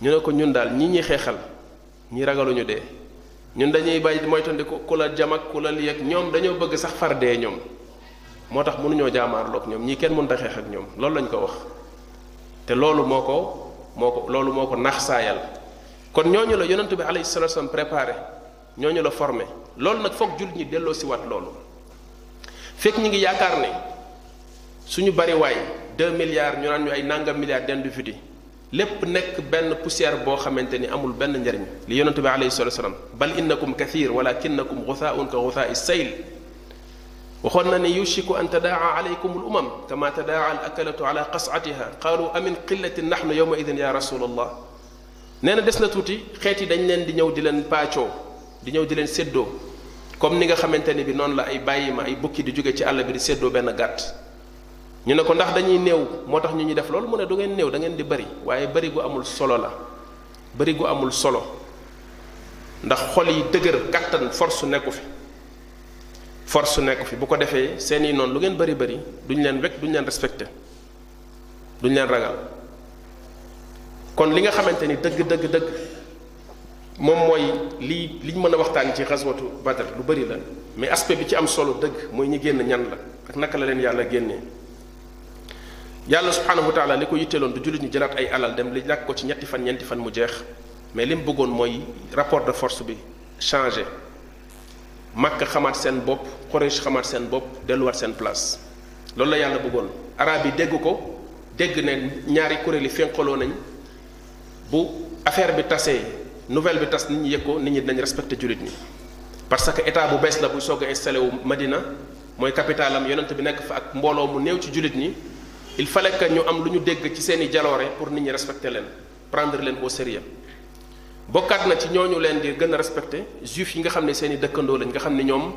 Speaker 1: ñu ne ko ñun daal ñii ñuy xeexal ñi ragaluñu de ñun dañuy bàyyi moytandiku ku la jam ak ku la lii ak ñoom dañoo bëgg sax far dee ñoom moo tax mënuñoo jaamaarloog ñoom ñii kenn mënut a xeex ak ñoom loolu lañ ko wax te loolu moo ko moo ko loolu moo ko nax saayal kon ñooñu la yonent bi alayhi salatu wasallam préparé ñooñu la formé loolu nag foog jullit ñi delloo si waat loolu fekk ñi ngi yaakaar ne suñu bari waay 2 milliards ñu naan ñu ay nangam milliards fiti lépp nekk benn poussière boo xamante ni amul benn njariñ li yonente bi alayhi salatu wasalam bal innakum kathir walakinnakum ghutha'un ka ghutha'i sayl waxoon na ne yushiku an tadaa alaykum al umam kama tadaa al akalatu ala qas'atiha qalu amin qillatin nahnu yawma idin ya rasul allah nee na des na tuuti xeet yi dañ leen di ñëw di leen paacoo di ñëw di leen séddoo comme ni nga xamante ni bi noonu la ay bàyyima ay bukki di jóge ci àll bi di séddoo benn gàtt ñu ne ko ndax dañuy néew moo tax ñu ñuy def loolu mu ne du ngeen néew da ngeen di bari waaye bari gu amul solo la bari gu amul solo ndax xol yi dëgër kàttan force nekku fi force nekku fi bu ko defee seeni noonu lu ngeen bari bari duñ leen wekk duñ leen respecté duñ leen ragal kon li nga xamante ni dëgg dëgg dëgg moom mooy li liñ mën a waxtaan ci xaswatu Badr lu bari la mais aspect bi ci am solo dëgg mooy ñi génn ñan la ak naka la leen yàlla génnee yàlla subhanahu wa taala li ko yitteeloon du jullit ñu jëlaat ay alal dem li ñàkk ko ci ñetti fan ñeenti fan mu jeex mais li mu bëggoon mooy rapport de force bi changé Makka xamaat seen bopp Quraysh xamaat seen bopp delluwaat seen place loolu la yàlla bëggoon arab yi dégg ko dégg ne ñaari kuréel yi fénqaloo nañ bu affaire bi tasee nouvelle bi tas nit ñi yëg ko nit ñi dinañ respecté jullit ñi parce que état bu bees la buy soog a installé wu Madina mooy capitale am yonent bi nekk fa ak mbooloo mu néew ci jullit ñi il fallait que ñu am lu ñu dégg ci seeni i jaloore pour nit ñi respecter leen prendre leen au sérieux bokkaat na ci ñooñu leen di gën a respecter juif yi nga xam ne seen i dëkkandoo lañ nga xam ne ñoom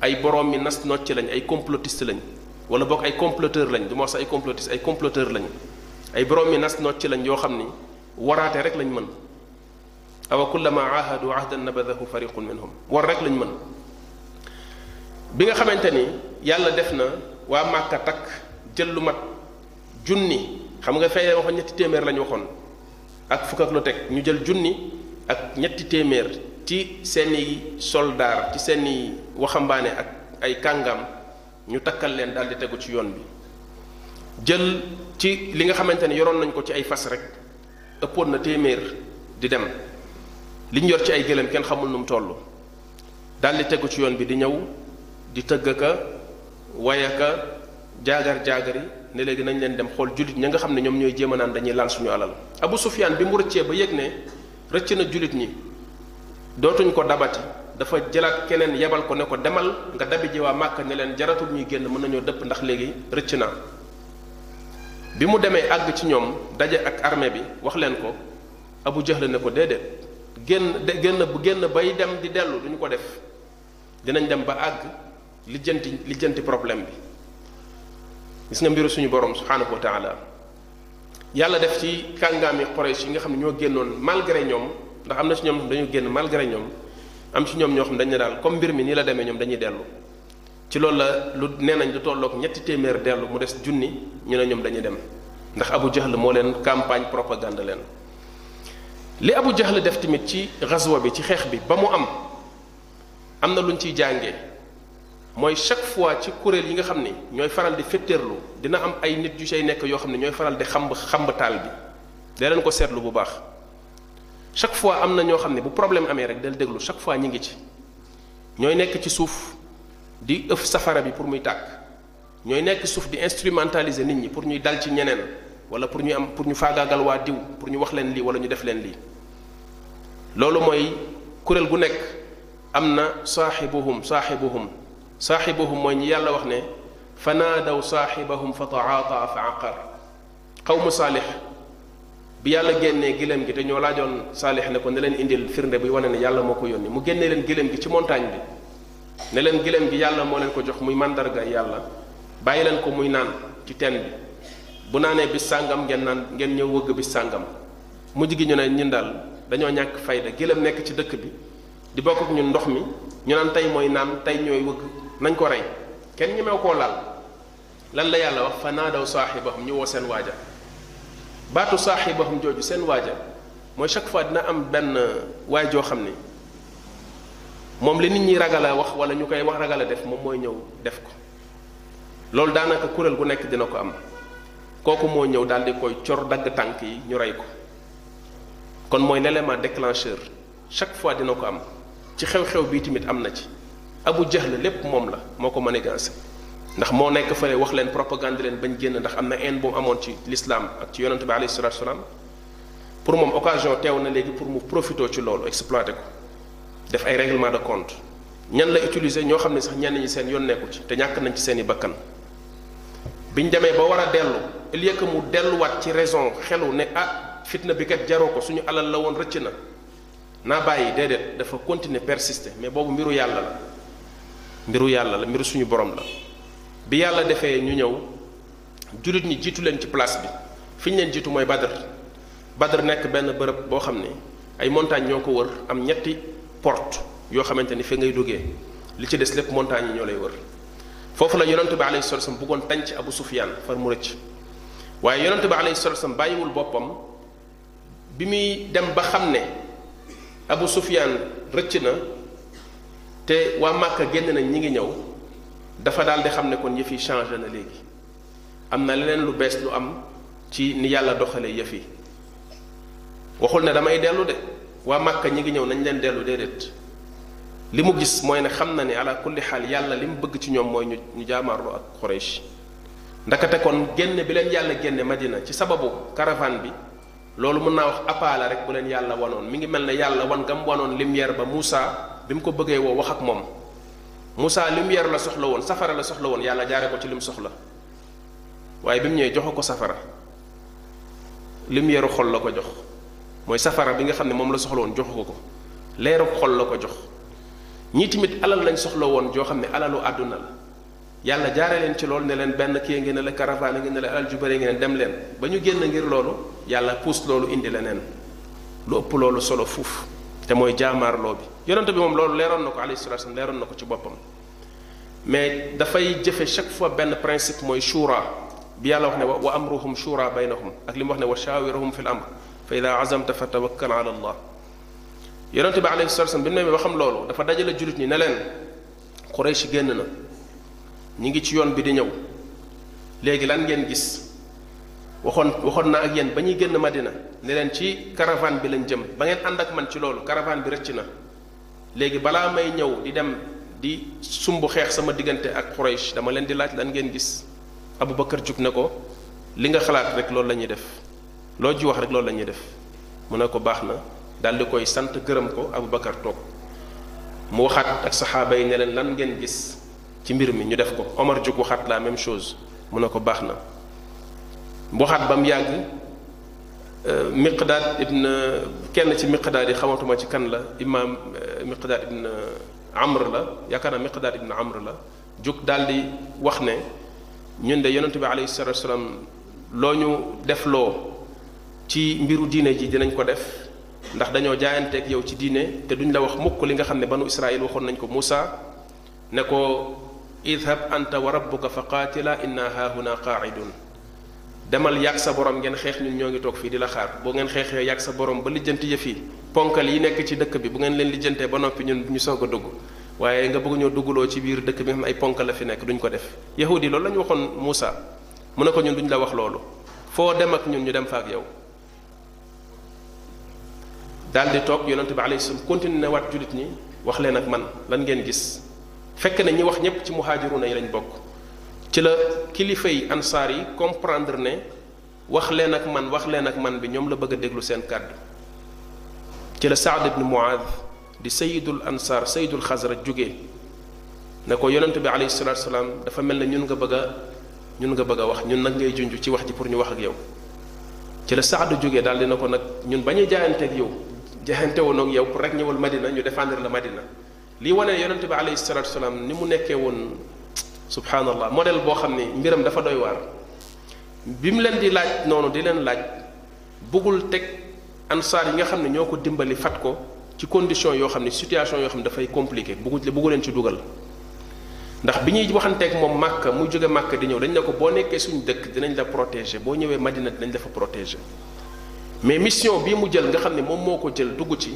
Speaker 1: ay borom mi nas nocc lañ ay complotiste lañ wala bokk ay comploteur lañ du ma wax ay complotiste ay comploteur lañ ay borom mi nas nocc lañ yoo xam ni waraate rek lañ mën awa kullama ahadu ahdan nabadahu fariqun minhum war rek lañ mën bi nga xamante ni yàlla def na waa Màkka takk jël lu mat junni xam nga fay waxoon ñetti téeméer lañu ñu waxoon ak fukk ak lu teg ñu jël junni ak ñetti téeméer ci seeni soldaar ci seeni waxambaane ak ay kàngam ñu takkal leen daal tegu ci yoon bi jël ci li nga xamante ne yoroon nañ ko ci ay fas rek ëppoon na téeméer di dem li ñu yor ci ay gëléem kenn xamul nu mu toll daal di tegu ci yoon bi di ñëw di tëgg ka wayaka jaagar jaagari ne léegi nañ leen dem xool jullit ñi nga xam ne ñoom ñooy jéem a naan dañuy laal suñu alal Abu Sufyaan bi mu rëccee ba yëg ne rëcc na jullit ñi dootuñ ko dabati dafa jëlaat keneen yebal ko ne ko demal nga dabi ji waa Màkka ne leen jaratul ñuy génn mën nañoo dëpp ndax léegi rëcc naa bi mu demee àgg ci ñoom daje ak armée bi wax leen ko Abu Jahl ne ko déedéet génn génn bu génn bay dem di dellu duñu ko def dinañ dem ba àgg lijjanti lijjanti problème bi gis nga mbiru suñu borom subhanahu wa taala yàlla def ci kàngaami Quraysh yi nga xam ne ñoo génnoon malgré ñoom ndax am na si ñoom dañu génn malgré ñoom am si ñoom ñoo xam dañu ne daal comme mbir mi ni la demee ñoom dañuy dellu ci loolu la lu nee nañ lu tollook ñetti téeméer dellu mu des junni ñu ne ñoom dañuy dem ndax Abu Jahl moo leen campagne propagande leen li Abu Jahl def tamit ci xaswa bi ci xeex bi ba mu am am na luñ ciy jànge mooy chaque fois ci kuréel yi nga xam ne ñooy faral di fetteerlu dina am ay nit yu cay nekk yoo xam ne ñooy faral di xamb xamb taal bi dee leen ko seetlu bu baax chaque fois am na ñoo xam ne bu problème amee rek del déglu chaque fois ñu ngi ci ñooy nekk ci suuf di ëf safara bi pour muy tàkk ñooy nekk suuf di instrumentaliser nit ñi pour ñuy dal ci ñeneen wala pour ñu am pour ñu faagaagal waa diw pour ñu wax leen lii wala ñu def leen lii loolu mooy kuréel gu nekk am na saaxibuhum saaxibuhum saaxibahum mooy ñi yàlla wax ne fanaadaw naadaw saaxibahum fa taataa fa aqar xawmu saalix bi yàlla génnee gëléem gi te ñoo laajoon saalix ne ko ne leen indil firnde bi wane ne yàlla moo ko yónni mu génnee leen gëléem gi ci montagne bi ne leen gëléem gi yàlla moo leen ko jox muy màndarga yàlla bàyyi leen ko muy naan ci teen bi bu naanee bis sàngam ngeen naan ngeen ñëw wëgg bis sàngam mu gi ñu ne ñun daal dañoo ñàkk fayda gëléem nekk ci dëkk bi di bokk ndox mi ñu nañ ko rey kenn ñemew koo laal lan la yàlla wax fa naadaw saaxibahum ñu ñëwoo seen waaja baatu saaxibahum jooju seen waaja mooy chaque fois dina am benn waay joo xam ni moom li nit ñi ragal a wax wala ñu koy wax ragal a def moom mooy ñëw def ko loolu daanaka kuréel gu nekk dina ko am kooku moo ñëw daal di koy cor dagg tànk yi ñu rey ko kon mooy l'élément déclencheur chaque fois dina ko am ci xew-xew bii tamit am na ci abu jahl lépp moom la moo ko manigancé ndax moo nekk fa wax leen propagande leen bañ génn ndax am na haine bu amoon ci l'islam ak ci yonante bi alayhi salatu pour moom occasion teew na léegi pour mu profité ci loolu exploité ko def ay réglement de compte ñan la utiliser ñoo xam ne sax ñenn ñi seen yoon nekku ci te ñàkk nañ ci seeni bàkkan bi ñu demee ba war a dellu au lieu mu delluwaat ci raison xelu ne ah fitna bi kat jaroo ko suñu alal la woon rëcc na naa bàyyi déedéet dafa continuer persister mais boobu mbiru yàlla mbiru yàlla la mbiru suñu borom la bi yàlla defee ñu ñëw jullit ñi jiitu leen ci place bi fi ñu leen jiitu mooy Badr Badr nekk benn bërëb boo xam ne ay montagnes ñoo ko wër am ñetti port yoo xamante ni fi ngay duggee li ci des lépp montagnes yi ñoo lay wër foofu la yonent bi alayhi salatu buggoon bëggoon Abu Sufyaan far mu rëcc waaye yonent bi alayhi salatu wasallam bàyyiwul boppam bi muy dem ba xam ne Abu Sufyaan rëcc na te waa Màkka génn nañ ñi ngi ñëw dafa daal di xam ne kon yëf yi changé na léegi am na leneen lu bees lu am ci ni yàlla doxale yëfi yi waxul ne damay dellu de waa Màkka ñi ngi ñëw nañ leen dellu déedéet li mu gis mooy ne xam na ni ala kulli xaal yàlla li mu bëgg ci ñoom mooy ñu ñu jaamaarloo ak Quraysh ndakate kon génn bi leen yàlla génne Madina ci sababu caravane bi loolu mun naa wax appaala rek bu leen yàlla wanoon mi ngi mel ne yàlla wan gam wanoon lim yeer ba Muusa bi mu ko bëggee woo wax ak moom musaa li mu la soxla woon safara la soxla woon yàlla jaare ko ci li soxla waaye bi mu ñëwee joxu ko safara li mu yoru xol la ko jox mooy safara bi nga xam ne moom la soxla woon joxu ko ko leeru xol la ko jox ñii tamit alal lañ soxla woon joo xam ne alalu àdduna la yàlla jaare leen ci loolu ne leen benn kii ngeen ne la caravane ngeen ne la alal ju bëri ngeen dem leen ba ñu génn ngir loolu yàlla puus loolu indi leneen lu loolu solo fuuf te mooy jaamaarloo bi yonente bi moom loolu leeroon na ko alayhi salatu wasallam leeroon na ko ci boppam mais dafay jëfe chaque fois benn principe mooy shura bi yàlla wax ne wa amruhum shura baynahum ak li mu wax ne wa shawirahum fi l amr fa ida azamta fa tawakkal ala allah yonente bi alayhi salatu wasallam bi mu ne xam loolu dafa dajale jullit ñi ne leen Quraysh génn na ñi ngi ci yoon bi di ñëw léegi lan ngeen gis waxoon waxoon na ak yéen ba ñuy génn Madina ne leen ci caravane bi lañ jëm ba ngeen ànd ak man ci loolu caravane bi rëcc na léegi balaa may ñëw di dem di sumb xeex sama diggante ak Quraysh dama leen di laaj lan ngeen gis Abu Bakar jug ne ko li nga xalaat rek loolu lañuy def loo ji wax rek loolu la def mu ne ko baax na daal di koy sant gërëm ko Abu Bakar toog mu waxaat ak saxaaba yi ne leen lan ngeen gis ci mbir mi ñu def ko Omar jug waxaat la même chose mu ne ko baax na waxaat ba mu yàgg Euh, miqdaad ibn kenn ci miqdaad yi xamantuma ci kan la imaam euh, miqdaad ibn amr la yaakaar naa miqdaad ibn amr la jóg daal di wax ne ñun de yonent bi alayhi salatu loo ñu def loo ci mbiru diine ji dinañ ko def ndax dañoo jaayanteeg yow ci diine te duñ la wax mukk li nga xam ne banu israil waxoon nañ ko Muusa ne ko idhab anta wa rabbuka fa qaatila inna haahuna qaacidun demal yàgg sa borom ngeen xeex ñun ñoo ngi toog fii di la xaar boo ngeen xeexee yàgg sa borom ba lijjant yi yi ponkal yi nekk ci dëkk bi bu ngeen leen lijjantee ba noppi ñun ñu soog a dugg waaye nga bëgg ñoo duggloo ci biir dëkk bi xam ay ponkal la fi nekk duñ ko def yahudi yi loolu la ñu waxoon Moussa mu ne ko ñun duñ la wax loolu foo dem ak ñun ñu dem fa ak yow daal di toog yonente bi alayhi salaam continué waat jullit ñi wax leen ak man lan gis fekk na ñi wax ñëpp ci muhaajiruna yi lañ bokk ci la kilifay yi ansaar yi comprendre ne wax leen ak man wax leen ak man bi ñoom la bëgg a déglu seen kàddu ci la Saad ibn Muaad di sayidul ansaar sayidul xasra jóge ne ko yonent bi alayhi salaatu salaam dafa mel ne ñun nga bëgg ñun nga bëgg wax ñun nag ngay junj ci wax ji pour ñu wax ak yow ci la saadu jóge daal dina ko nag ñun bañ a jaayanteeg yow jaayante woon ak yow pour rek ñëwal Madina ñu défendre la Madina lii wane yonent bi alayhi salaatu salaam ni mu nekkee woon. subhaanallah modèle boo xam ne mbiram dafa doy waar bi mu leen di laaj noonu di leen laaj bëggul teg ansaar yi nga xam ne ñoo ko dimbali fat ko ci condition yoo xam ne situation yoo xam ne dafay compliqué bëggu bëggu leen ci dugal ndax bi ñuy waxanteeg moom màkka mu jóge màkka di ñëw dañ ne ko boo nekkee suñu dëkk dinañ la protéger boo ñëwee madina dinañ la fa protéger mais mission bii mu jël nga xam ne moom moo ko jël dugg ci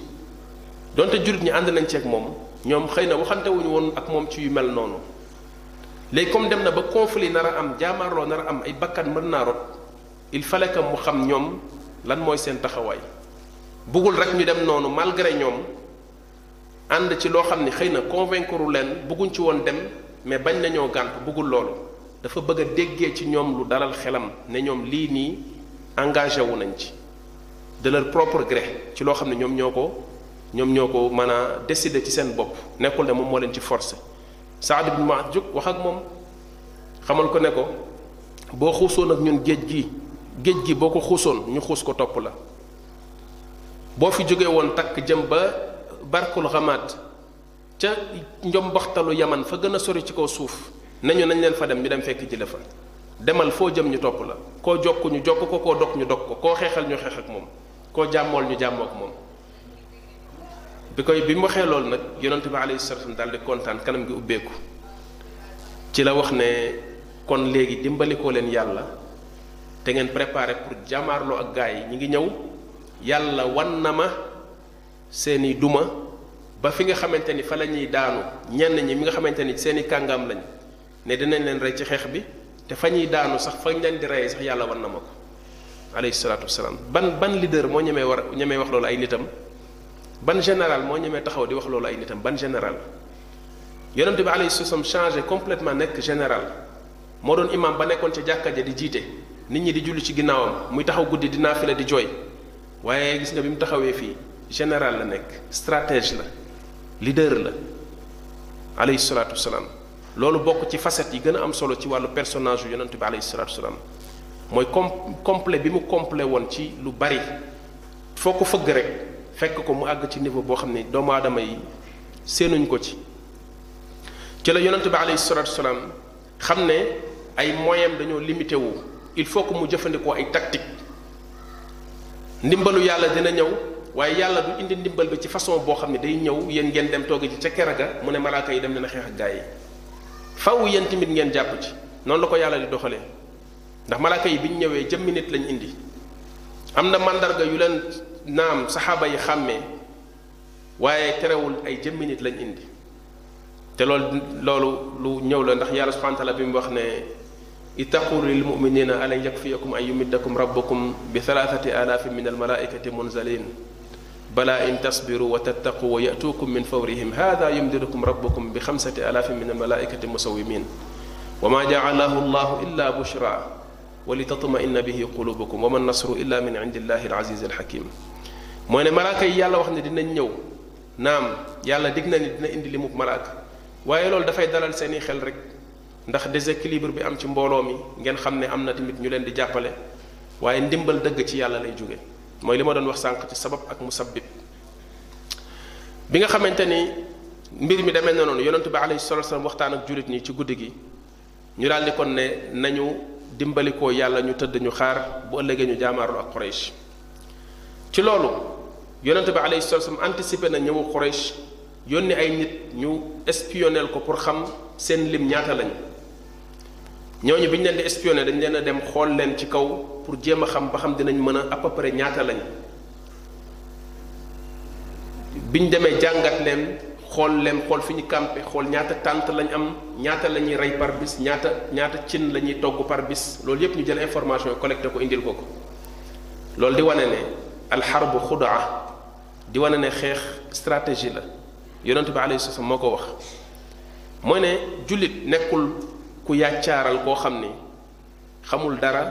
Speaker 1: donte jurit ñi ànd nañ ceeg moom ñoom xëy na waxante woon ak moom ci yu mel noonu léegi comme dem na ba conflit nar a am jaamaarloo nar a am ay bakkan mën naa rot il fallait que mu xam ñoom lan mooy seen taxawaay buggul rek ñu dem noonu malgré ñoom ànd ci loo xam ni xëy na convaincre leen bugguñ ci woon dem mais bañ nañoo gànt buggul loolu dafa bëgg a déggee ci ñoom lu dalal xelam ne ñoom lii nii engagé wu nañ ci de leur propre gré ci loo xam ne ñoom ñoo ko ñoom ñoo ko mën a décider ci seen bopp nekkul ne moom moo leen ci forcer. Saad ibn Mu'adh jóg wax ak moom xamal ko ne ko boo xuusoon ak ñun géej gi géej gi boo ko xuusoon ñu xuus ko topp la boo fi jógee woon takk jëm ba barkul xamaat ca njombaxtalu yaman fa gën a sori ci ko suuf nañu nañ leen fa dem ñu dem fekk ji fa demal foo jëm ñu topp la koo jokk ñu jokk ko koo dog ñu dog ko koo xeexal ñu xeex ak moom koo jàmmool ñu jàmmoo moom bi koy bi mu waxee loolu nag yonente bi alayhi salatu wasallam daal di kontaan kanam gi ubbeeku ci la wax ne kon léegi dimbalikoo leen yàlla te ngeen préparé pour jàmmaarloo ak gaa yi ñi ngi ñëw yàlla wan na ma seeni duma ba fi nga xamante ni fa la ñuy daanu ñenn ñi mi nga xamante ni seeni kàngaam lañ ne dinañ leen rey ci xeex bi te fa ñuy daanu sax fañ leen di reyee yàlla wan na ma ko alayhi salatu ban ban leader moo ñemee war ñemee wax loolu ay nitam ban général moo ñemee taxaw di wax loolu ay nitam ban général yonent bi alayhi salaam changé completement nekk général moo doon imam ba nekkoon ca jàkka ja di jiite nit ñi di julli ci ginnaawam muy taxaw guddi fi la di jooy waaye gis nga bi mu taxawee fii général la nekk stratège la leader la alayhi salaatu wasalaam loolu bokk ci facette yi gën a am solo ci wàllu personnage yu yonent bi alayhi salaatu wasalaam mooy com complet bi mu complet woon ci lu bari foo ko rek fekk ko mu àgg ci niveau boo xam ne doomu aadama yi séenuñ ko ci ci la yonent bi alayhi salatu xam ne ay moyens dañoo limité wu il faut que mu jëfandikoo ay taktik ndimbalu yàlla dina ñëw waaye yàlla du indi ndimbal bi ci façon boo xam ne day ñëw yéen ngeen dem toog ci ca kër ga mu ne malaaka yi dem leen xeex ak gaa yi faw yéen tamit ngeen jàpp ci noonu la ko yàlla di doxalee ndax malaaka yi bi ñu ñëwee jëmmi nit lañ indi am na mandarga yu leen naam saxaaba yi xàmmee waaye terewul ay jëmmi nit lañ indi te loolu loolu lu ñëw la ndax yàlla subhanahu wa taala bi mu wax ne ittaqu lil muminina alan yakfiyakum an yumiddakum rabbukum bi thalathati alaafin min almalaikati munzalin bala in tasbiru wa tattaqu wa yatuukum min fawrihim hada yumdidukum rabbukum bi xamsati alaafin min almalaikati musawimin wa ma jaalahu llahu illa bushra wa li tatma inna bihi qulubukum wa ma nasru illa min indi llahi alaziz alxakim mooy ne malaaka yi yàlla wax ne dinañ ñëw naam yàlla digg na ni dina indi li mu malaaka waaye loolu dafay dalal seeni xel rek ndax déséquilibre bi am ci mbooloo mi ngeen xam ne am na tamit ñu leen di jàppale waaye ndimbal dëgg ci yàlla lay jóge mooy li ma doon wax sànq ci sabab ak musabbib bi nga xamante ni mbir mi demee na noonu yonentu bi alayhi salatu wasallam waxtaan ak jullit ñi ci guddi gi ñu daal di ne nañu dimbalikoo yàlla ñu tëdd ñu xaar bu ëllëgee ñu jaamaarlu ak ci loolu yonent bi alayhi salaatu wa salaam anticipé na ñëwu Quraysh yónnee ay nit ñu espionnel ko pour xam seen lim ñaata lañ ñooñu bi ñu leen di espionné dañ leen a dem xool leen ci kaw pour jéem a xam ba xam dinañ mën a à peu près ñaata lañ biñ demee jàngat leen xool leen xool fi ñu campé xool ñaata tànt lañ am ñaata lañuy rey par bis ñaata ñaata cin la ñuy togg par bis loolu yépp ñu jël information collecté ko indil ko ko loolu di wane ne alxarbu xudaa di wane ne xeex stratégie la yonent bi alayhi moo ko wax mooy ne jullit nekkul ku yàccaaral koo xam ni xamul dara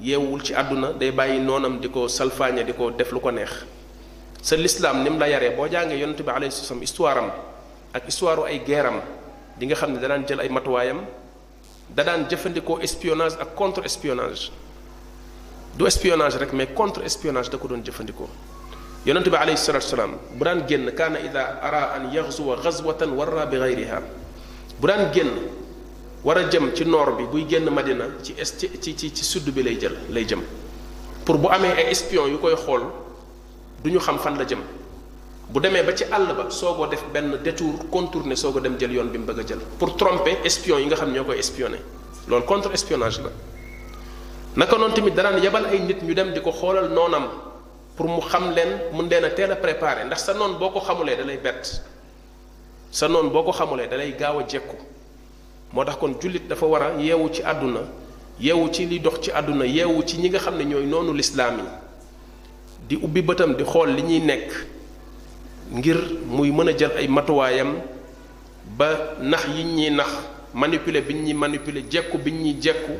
Speaker 1: yeewul ci àdduna day bàyyi noonam di ko salfaañe di ko def lu ko neex sa lislaam ni mu la yaree boo jàngee yonent bi alayhi salaam histoire ak histoire ay geeram di nga xam ne da daan jël ay matuwaayam da daan jëfandikoo espionnage ak contre espionnage du espionnage rek mais contre espionnage da ko doon jëfandikoo yonent bi alayhi salatu wasalaam bu daan génn kaana ida ara an yaxzuwa gazwatan warra bi gayriha bu daan génn war a jëm ci noor bi buy génn madina ci est ci ci ci sud bi lay jël lay jëm pour bu amee ay espion yu koy xool du ñu xam fan la jëm bu demee ba ci àll ba soogoo def benn détour contourné soog a dem jël yoon bi mu bëgg a jël pour tromper espion yi nga xam ñoo koy espionné loolu contre espionnage la naka noon tamit danaan yebal ay nit ñu dem di ko xoolal noonam pour mu xam leen mun leen a teel a préparer ndax sa noon boo ko xamulee da lay bett sa noon boo ko xamulee da gaaw a jekku moo tax kon jullit dafa war a yeewu ci àdduna yeewu ci li dox ci àdduna yeewu ci ñi nga xam ne ñooy noonu lislaam yi di ubbi bëtam di xool li ñuy nekk ngir muy mën a jël ay matuwaayam ba nax yi ñuy nax manipuler biñ ñuy manipuler jekku biñ ñuy jekku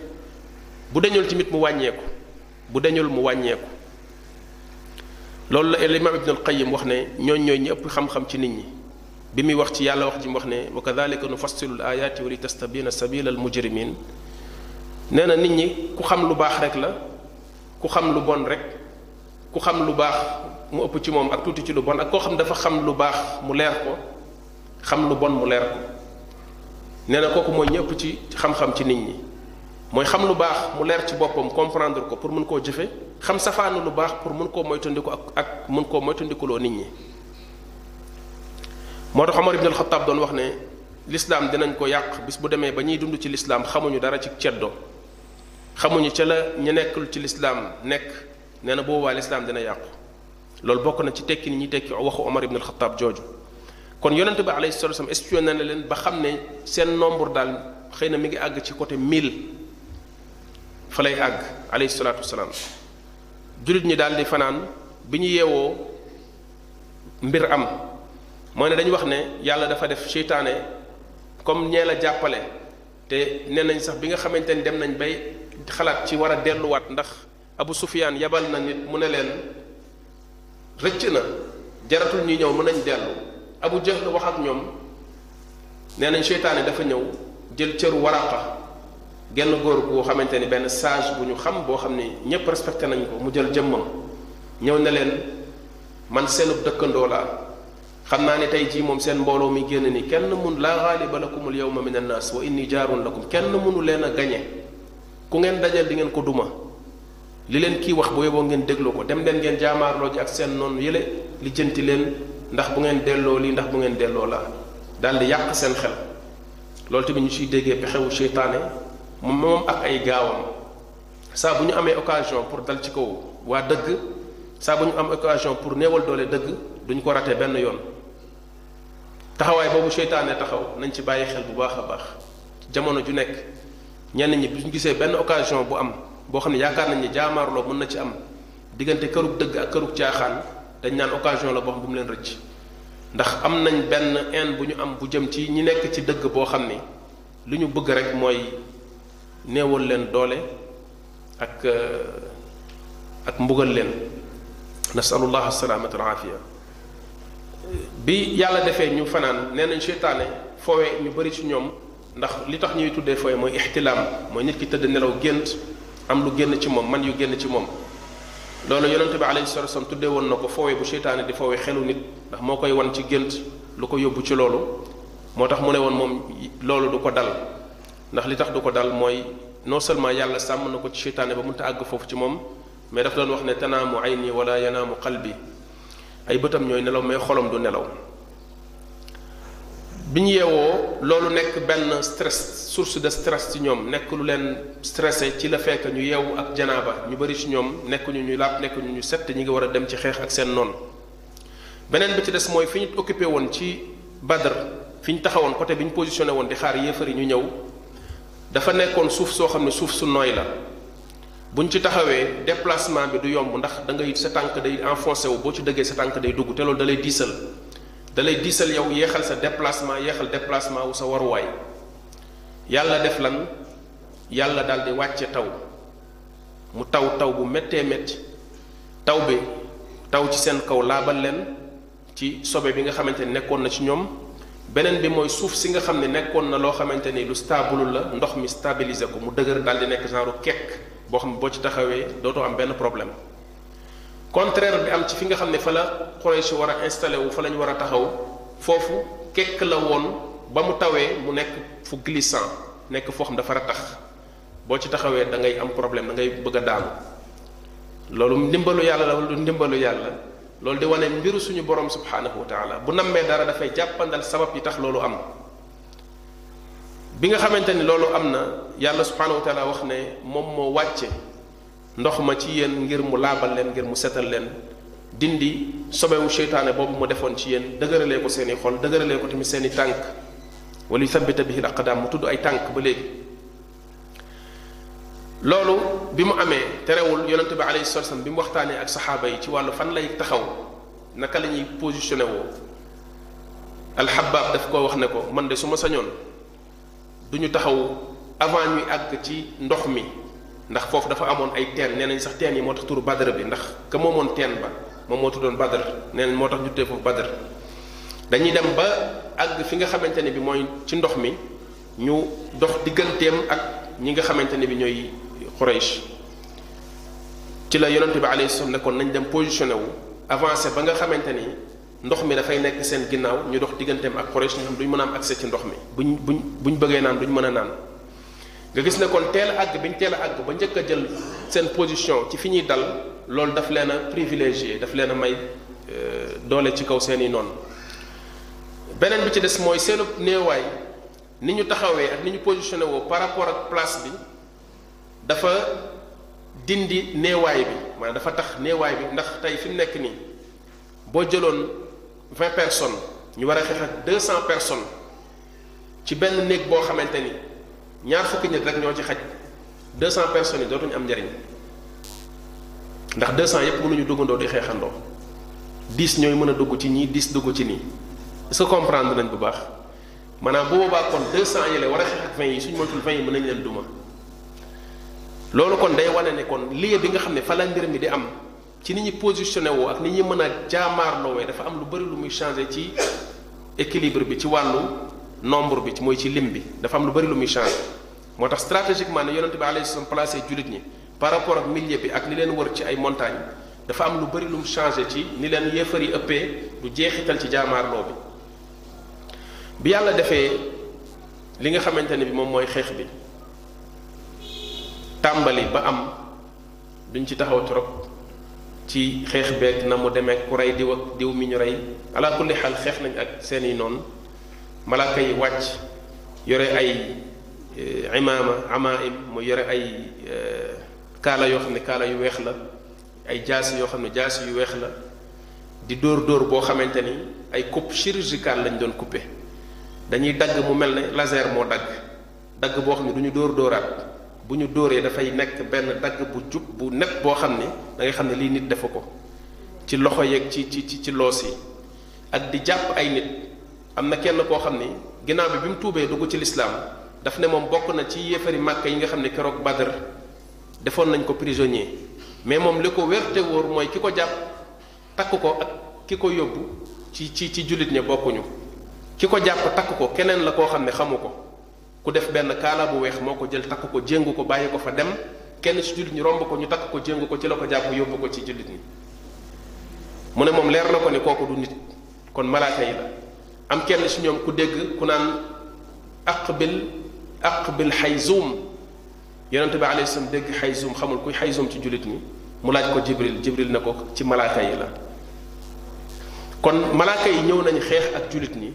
Speaker 1: bu dañul tamit mu wàññeeku bu dañul mu wàññeeku loolu la imaam ibnul qayyim wax ne ñooñ ñooy ñi ëpp xam-xam ci nit ñi bi muy wax ci yàlla wax ji mu wax ne wa nu nufassilu l ayaati wa li tastabina sabila al mujrimin nee na nit ñi ku xam lu baax rek la ku xam lu bon rek ku xam lu baax mu ëpp ci moom ak tuuti ci lu bon ak koo xam dafa xam lu baax mu leer ko xam lu bon mu leer ko nee na kooku mooy ñi ëpp ci xam-xam ci nit ñi mooy xam lu baax mu leer ci boppam comprendre ko pour mën koo jëfe xam safaanu lu baax pour mën koo moytandiku ak ak mën koo moytandikuloo nit ñi moo tax Omar ibn al-Khattab doon wax ne lislaam dinañ ko yàq bis bu demee ba ñuy dund ci lislaam xamuñu dara ci ceddo xamuñu ca la ñu nekkul ci lislaam nekk nee na boobaa lislaam dina yàqu loolu bokk na ci tekki ni ñuy tekki waxu Omar ibn al jooju kon yonente bi alayhi salatu wasallam espionné na leen ba xam ne seen nombre daal xëy na mi ngi àgg ci côté mille fa lay àgg alayhi salaatu wasalaam jullit ñi daal di fanaan bi ñu yeewoo mbir am mooy ne dañu wax ne yàlla dafa def seytaane comme ñee la jàppale te nee nañ sax bi nga xamante ni dem nañ bay xalaat ci war a delluwaat ndax abu sufiyaan yabal na nit mu ne leen rëcc na jaratul ñuy ñëw mën nañ dellu abu jahl wax ak ñoom nee nañ seytaane dafa ñëw jël cëru waraqa genn góor boo xamante ni benn sage bu ñu xam boo xam ne ñépp respecté nañ ko mu jël jëmmam ñëw na leen man seenub dëkkandoo la xam naa ni tey jii moom seen mbooloo mi génn nii kenn mun laa xaaliba lakumul yawma min annaas wa inni jaarun lakum kenn mënu leen a gañe ku ngeen dajal di ngeen ko duma li leen kii wax bu ngeen déglu ko dem leen ngeen jaamaarloo ji ak seen noonu yële li jënti leen ndax bu ngeen delloo lii ndax bu ngeen delloo laa daal di yàq seen xel loolu tamit ñu ciy déggee pexewu seytaane moom ak ay gaawam saa bu ñu amee occasion pour dal ci kaw waa dëgg saa bu ñu am occasion pour néewal doole dëgg duñ ko rate benn yoon taxawaay boobu seytaane taxaw nañ ci bàyyi xel bu baax a baax jamono ju nekk ñenn ñi bu ñu gisee benn occasion bu am boo xam ne yaakaar nañ ne jaamaarloo mën na ci am diggante kërug dëgg ak kërug caaxaan dañ naan occasion la boo bu mu leen rëcc ndax am nañ benn haine bu ñu am bu jëm ci ñi nekk ci dëgg boo xam ni lu ñu bëgg rek mooy néewal leen doole ak euh, ak mbugal leen nasalullah salaamata wal aafiya bi yàlla defee ñu fanaan nee nañ seytaane foowe ñu bari ci ñoom ndax li tax ñuy tuddee foowe mooy ixtilaam mooy nit ki tëdd nelaw gént am lu génn ci moom man yu génn ci moom loolu yonente bi alayhi salatu wasallam tuddee woon na ko foowe bu seytaane di foowe xelu nit ndax moo koy wan ci gént lu ko yóbbu ci loolu moo tax mu ne woon moom loolu du ko dal ndax li tax du ko dal mooy non seulement yàlla sàmm na ko ci seytaane ba mënta àgg foofu ci moom mais daf doon wax ne tanaamu ayni wala yanaamu bi ay bëtam ñooy nelaw mais xolom du nelaw bi ñu yeewoo loolu nekk benn stress source de stress ci ñoom nekk lu leen stressé ci la fekk ñu yeewu ak janaaba ñu bari ci ñoom nekk ñu ñu laab nekk ñu ñu set ñi ngi war a dem ci xeex ak seen noonu beneen bi ci des mooy fi ñu occupé woon ci Badr fi ñu taxawoon côté bi ñu positionné woon di xaar yéefar yi ñu ñëw dafa nekkoon suuf soo xam ne suuf su nooy la buñ ci taxawee déplacement bi du yomb ndax da ngay sa tànk day enfoncé wu boo ci dëggee sa tànk day dugg te loolu da lay diisal da diisal yow yeexal sa déplacement yeexal déplacement wu sa waruwaay yàlla def lan yàlla daal di wàcce taw mu taw taw bu mettee métti taw bi taw ci seen kaw laabal leen ci sobe bi nga xamante ne nekkoon na ci ñoom beneen bi mooy suuf si nga xam ne nekkoon na loo xamante ni lu stable la ndox mi stabiliser ko mu dëgër daal di nekk genre kekk boo xam ne boo ci taxawee dootoo am benn problème contraire bi am ci fi nga xam ne fa la Quraysh war a installé wu fa la ñu war a taxaw foofu kekk la woon ba mu tawee mu nekk fu glissant nekk foo xam dafa ratax boo ci taxawee da ngay am problème da ngay bëgg a daanu loolu ndimbalu yàlla la wala ndimbalu yàlla. loolu di wane mbiru suñu borom subhaanahu wa taala bu nammee dara dafay jàppandal sabab yi tax loolu am bi nga xamante ni loolu am na yàlla subhaanahu wa taala wax ne moom moo wàcce ndox ma ci yéen ngir mu laabal leen ngir mu setal leen dindi sobewu seytaane boobu mu defoon ci yéen dëgëralee ko seeni i xol dëgëralee ko tamit seen i tànk wala yu bi bihi al daam mu tudd ay tànk ba léegi loolu bi mu amee terewul yonente bi alayhi salatu bi mu waxtaanee ak saxaaba yi ci wàllu fan lay taxaw naka la ñuy positionné woo alxabaab daf ko wax ne ko man de su ma sañoon du ñu taxaw avant ñuy àgg ci ndox mi ndax foofu dafa amoon ay teen nee nañ sax teen yi moo tax turu badr bi ndax ka moomoon teen ba moom moo doon badr nee nañ moo tax ñu tuddee foofu badr dañuy dem ba àgg fi nga xamante ne bi mooy ci ndox mi ñu dox digganteem ak ñi nga xamante ne bi ñooy Quraysh ci la yonent bi alayhi salaam nekkoon nañ dem positionné wu avancé ba nga xamante ni ndox mi dafay nekk seen ginnaaw ñu dox digganteem ak Quraysh nga xam duñ mën a am accès ci ndox mi buñ buñ buñ bëggee naan duñ mën a naan nga gis ne kon teel a àgg biñ teel a àgg ba njëkk a jël seen position ci fi ñuy dal loolu daf leen a privilégié daf leen a may euh, doole ci kaw seen i noonu beneen bi ci des mooy seenu néewaay ni ñu taxawee ak ni ñu positionné par rapport dafa dindi néewaay bi maanaam dafa tax néewaay bi ndax tey fi mu nekk nii boo jëloon vingt personnes ñu war a xeex ak deux cent personnes ci benn néeg boo xamante ni ñaar fukki nit rek ñoo ci xaj deux cent personnes yi dootuñu am njariñ ndax deux cent yëpp mënuñu duggandoo di xeexandoo dix ñooy mën a dugg ci ñii dix dugg ci nii est-ce comprendre nañ bu baax maanaam bu boobaa kon deux cent yi la war a xeex ak vingt yi suñu moytul vingt yi mën nañ leen duma. loolu kon day wane ne kon lieu bi nga xam ne fa la mbir di am ci ni ñuy positionné woo ak ni ñuy mën a jaamaarloowee dafa am lu bëri lu muy changé ci équilibre bi ci wàllu nombre bi ci mooy ci lim bi dafa am lu bëri lu muy changé moo tax stratégiquement ne yonente bi alayhi salaam placé jullit ñi par rapport ak milieu bi ak li leen wër ci ay montagne dafa am lu bëri lu mu changé ci ni leen yéefar yi ëppee du jeexital ci jaamaarloo bi bi yàlla defee li nga xamante ne bi moom mooy xeex bi tàmbali ba am duñ ci taxaw trop ci xeex beeg na mu demee ku rey diw diw mi ñu rey ala kulli xaal xeex nañ ak seeni noonu malaaka yi wàcc yore ay eh, imaama amaim mu yore ay eh, kaala yoo xam ne kaala yu weex la ay jaasi yoo xam ne jaasi yu weex la di dóor dóor boo xamante ni ay coupe chirurgicale lañ doon couper dañuy dagg mu mel ni laser moo dagg dagg boo xam ne duñu dóor dóoraat bu ñu dóoree dafay nekk benn dagg bu jub bu nekk boo xam ne da xam ne lii nit defu ko ci loxo yeeg ci ci ci loos yi ak di jàpp ay nit am na kenn koo xam ne ginnaaw bi bi mu tuubee dugg ci lislaam daf ne moom bokk na ci yéefari màkk yi nga xam ne keroog Badr defoon nañ ko prisonnier mais moom li ko wér te wóor mooy ki ko jàpp takk ko ak ki ko yóbbu ci ci ci jullit ña bokkuñu ki ko jàpp takk ko keneen la koo xam ne xamu ko ku def benn kaala bu weex moo ko jël takk ko jéngu ko bàyyi ko fa dem kenn ci jullit ñi romb ko ñu takk ko jéngu ko ci la ko jàpp yóbbu ko ci jullit ñi mu ne moom leer na ko ni kooku du nit kon malaaka yi am kenn ci ñoom ku dégg ku naan aqbil aqbil xayzum yonente bi alayhi salaam dégg xayzum xamul kuy xayzum ci jullit ñi mu laaj ko jibril jibril na ko ci malaaka yi la kon malaaka yi ñëw nañu xeex ak jullit ñi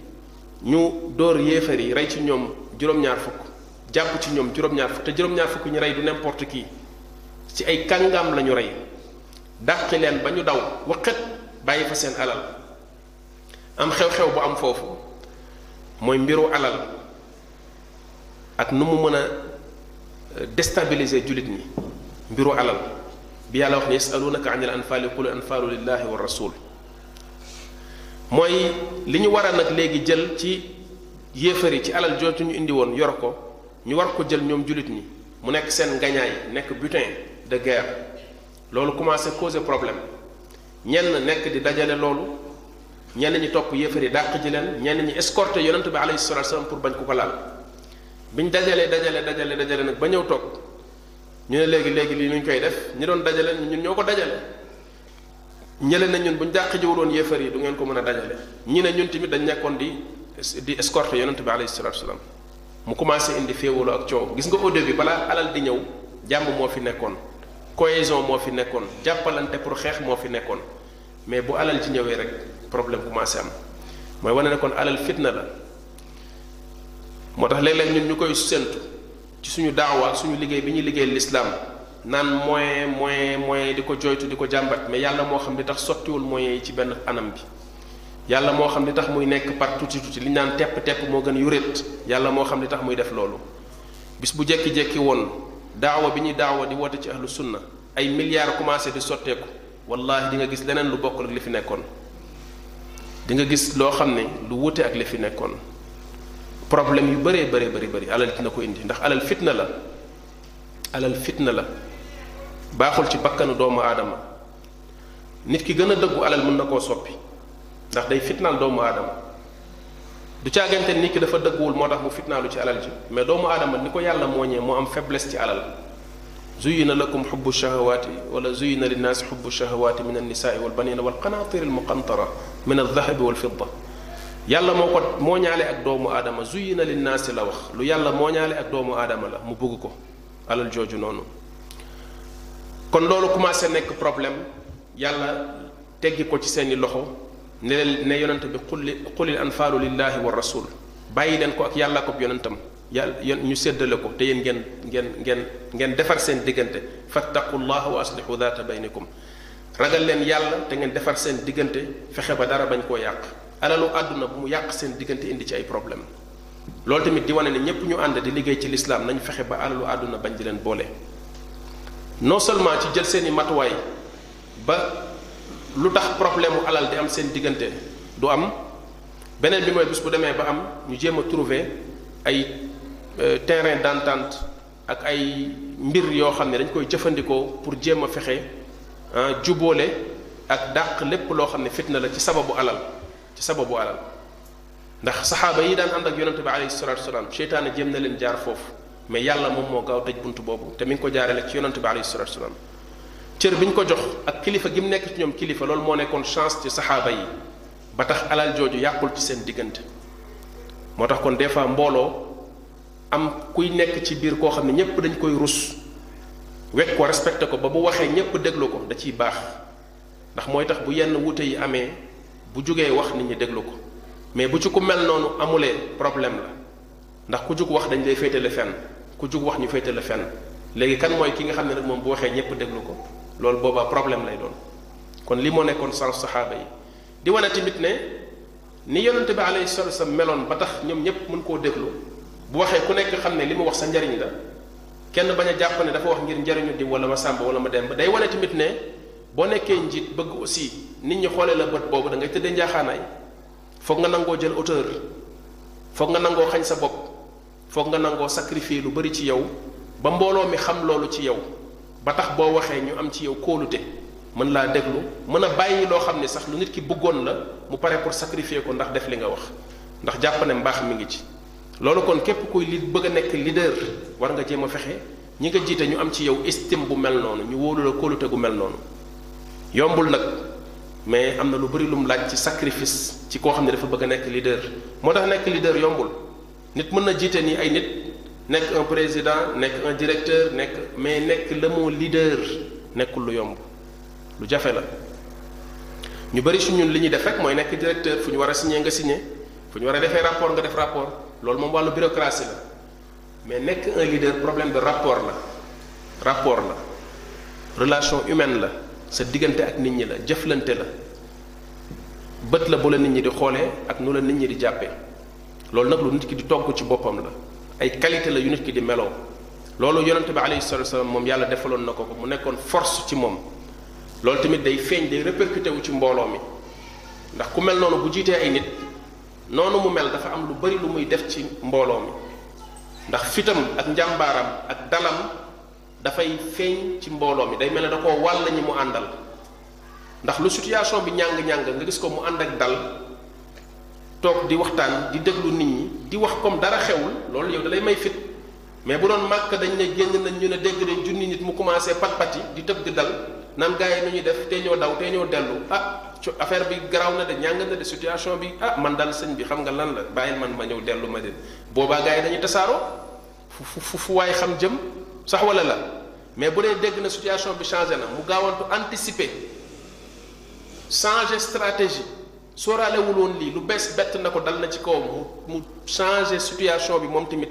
Speaker 1: ñu dóor yéefar yi rey ci ñoom juróom-ñaar fukk jàpp ci ñoom juróom-ñaar fukk te juróom-ñaar fukk ñu rey du n'importe qui ci ay kàngaam lañu rey dàqi leen ba ñu daw waqat bàyyi fa seen alal am xew-xew bu am foofu mooy mbiru alal ak nu mu mën a euh, déstabiliser jullit ñi mbiru alal bi yàlla wax ne yasalunaka anil anfaali qul anfaalu lillahi wa rasul mooy li ñu war a nag léegi jël ci yéefar yi ci alal jooju ñu indi woon yor ko ñu war ko jël ñoom jullit ñi mu nekk seen ngañaay nekk butin de guerre loolu commencé causer problème ñenn nekk di dajale loolu ñenn ñi topp yéefar yi dàq ji leen ñenn ñi escorté yonent bi alayhi salaatu salaam pour bañ ku ko laal biñ dajalee dajale dajale dajale nag ba ñëw toog ñu ne léegi léegi lii nuñ koy def ñu doon dajale ñun ñoo ko dajale ñële na ñun buñ dàq jiwul woon yéefar yi du ngeen ko mën a dajale ñi ne ñun tamit dañ nekkoon di. di escorte yonent bi alayhi salaatu salaam mu commencé indi féewaloo ak coow gis nga au début balaa alal di ñëw jàmm moo fi nekkoon cohésion moo fi nekkoon jàppalante pour xeex moo fi nekkoon mais bu alal ci ñëwee rek problème commencé am mooy wane ne kon alal fitna la moo tax léeg-léeg ñun ñu koy séntu ci suñu daawa suñu liggéey bi ñuy liggéey lislaam naan moyen moyen moyen di ko joytu di ko jàmbat mais yàlla moo xam di tax sottiwul moyens yi ci benn anam bi yàlla moo xam li tax muy nekk par tuuti tuuti li ñu naan tepp-tepp moo gën yuréet yàlla moo xam li tax muy def loolu bis bu jekki-jekki woon daawa bi ñuy daawa di woote ci ahlu sunna ay milliards commencé di sotteeku wallahi di nga gis leneen lu bokkul ak li fi nekkoon di nga gis loo xam ne lu wute ak li fi nekkoon problème yu bëree bëree bëri bëri alal dina ko indi ndax alal fitna la alal fitna la baaxul ci bakkanu doomu aadama nit ki gën a dëggu alal mën na koo soppi ndax day fitnaal doomu adama du caagante nit ki dafa dëgguwul moo tax mu fitnaalu ci alal ji mais doomu aadama ni ko yàlla mooñee moo am faiblesse ci alal zuyina lakum xubbu shahawaati wala zuyina linnaasi xubbu shahawaati min annisaai walbanina walqanaatiri almuqantara min aldahabi walfidda yàlla moo ko mooñaale ak doomu aadama zuyina linnaasi la wax lu yàlla mooñaale ak doomu aadama la mu bëgg ko alal jooju noonu kon loolu commencé nekk problème yàlla teggi ko ci seeni loxo ne leen ne yonent bi xulli xulil anfaaru lillahi wa rasul bàyyi leen ko ak yàlla ko yonentam yàlla yon ñu séddale ko te yéen ngeen ngeen ngeen ngeen defar seen diggante fattaqullaha wa aslihu daata baynikum ragal leen yàlla te ngeen defar seen diggante fexe ba dara bañ koo yàq alalu àdduna bu mu yàq seen diggante indi ci ay problème loolu tamit di wane ne ñépp ñu ànd di liggéey ci lislaam nañu fexe ba alalu àdduna bañ di leen boole non seulement ci jël seeni matuwaay lu tax problème mu alal di am seen diggante du am beneen bi mooy bis bu demee ba am ñu jéem a trouver ay euh, terrain d'entente ak ay mbir yoo xam ne dañ koy jëfandikoo pour jéem a fexe jubóole ak dàq lépp loo xam ne fitna la ci sababu alal ci sababu alal ndax saxaaba yi daan ànd ak yonente bi alayhi salatu wasalaam seytaane jéem na leen jaar foofu mais yàlla moom moo gaaw tëj bunt boobu te mi ngi ko jaaree la ci yonente bi alayhi salatu wasalaam cër bi ñu ko jox ak kilifa gi mu nekk ci ñoom kilifa loolu moo nekkoon chance ci saxaaba yi ba tax alal jooju yàqul ci seen diggante moo tax kon des fois mbooloo am kuy nekk ci biir koo xam ne ñépp dañ koy rus wekk ko respecté ko ba bu waxee ñépp déglu ko da ciy baax ndax mooy tax bu yenn wute yi amee bu jógee wax nit ñi déglu ko mais bu ci ku mel noonu amulee problème la ndax ku jug wax dañ lay féetale fenn ku jug wax ñu féetale fenn léegi kan mooy ki nga xam ne nag moom bu waxee ñépp déglu ko loolu boobaa problème lay doon kon li moo nekkoon sans saxaaba yi di wane tamit ne ni yonente bi alayhi salatu sa meloon ba tax ñoom ñëpp mën koo déglu bu waxee ku nekk xam ne li mu wax sa njariñ la kenn bañ a jàpp ne dafa wax ngir njariñu di wala ma sàmb wala ma dem ba day wane tamit ne boo nekkee njiit bëgg aussi nit ñi xoolee la bët boobu da ngay njaaxaanaay foog nga nangoo jël auteur foog nga nangoo xañ sa bopp foog nga nangoo sacrifier lu bari ci yow ba mbooloo mi xam loolu ci yow ba tax boo waxee ñu am ci yow kóolute mën laa déglu mën a bàyyi loo xam ne sax lu nit ki bëggoon la mu pare pour sacrifier ko ndax def li nga wax ndax jàpp ne mbaax mi ngi ci loolu kon képp kuy li bëgg a nekk leader war nga jéem a fexe ñi nga jiite ñu am ci yow estime bu mel noonu ñu wóolu la kóolute gu mel noonu yombul nag mais am na lu bëri lu mu laaj ci sacrifice ci koo xam ne dafa bëgg a nekk leader moo tax nekk leader yombul nit mën na jiite nii ay nit nekk un président nekk un directeur nekk mais nekk le mot leader nekkul lu yomb lu jafe la ñu bëri su ñun li ñuy def rek mooy nekk directeur fu ñu war a signé nga signé fu ñu war a defee rapport nga def rapport loolu moom wàllu bureaucratie la mais nekk un leader problème de rapport la rapport la relation humaine la sa diggante ak nit ñi la jëflante la bët la bu la nit ñi di xoolee ak nu la nit ñi di jàppee loolu nag lu nit ki di togg ci boppam la ay qualité la yu nit ki di meloo loolu yonente bi alayhi salatu moom yàlla defaloon na ko ko mu nekkoon force ci moom loolu tamit day feeñ day répercuté wu ci mbooloo mi ndax ku mel noonu bu jiitee ay nit noonu mu mel dafa am lu bari lu muy def ci mbooloo mi ndax fitam ak njàmbaaram ak dalam dafay feeñ ci mbooloo mi day mel ne da koo wàll ñi mu àndal ndax lu situation bi ñàng-ñàng nga gis ko mu ànd ak dal toog di waxtaan di déglu nit ñi di wax comme dara xewul loolu yow dalay may fit mais bu doon màkk dañ ne génn nañ ñu ne dégg ne junni nit mu commencé pat pati di tëb di dal naan gaa yi nu ñuy def te ñoo daw te ñoo dellu ah affaire bi garaaw na de ñàng na de situation bi ah man dal sëñ bi xam nga lan la bàyyil man ma ñëw dellu ma de boobaa gars yi dañuy tasaaroo fu fu fu waay xam jëm sax wala la mais bu dee dégg na situation bi changé na mu gaawantu anticiper changer stratégie. sóoraalewul woon lii lu bees bett na ko dal na ci kaw mu mu changé situation bi moom tamit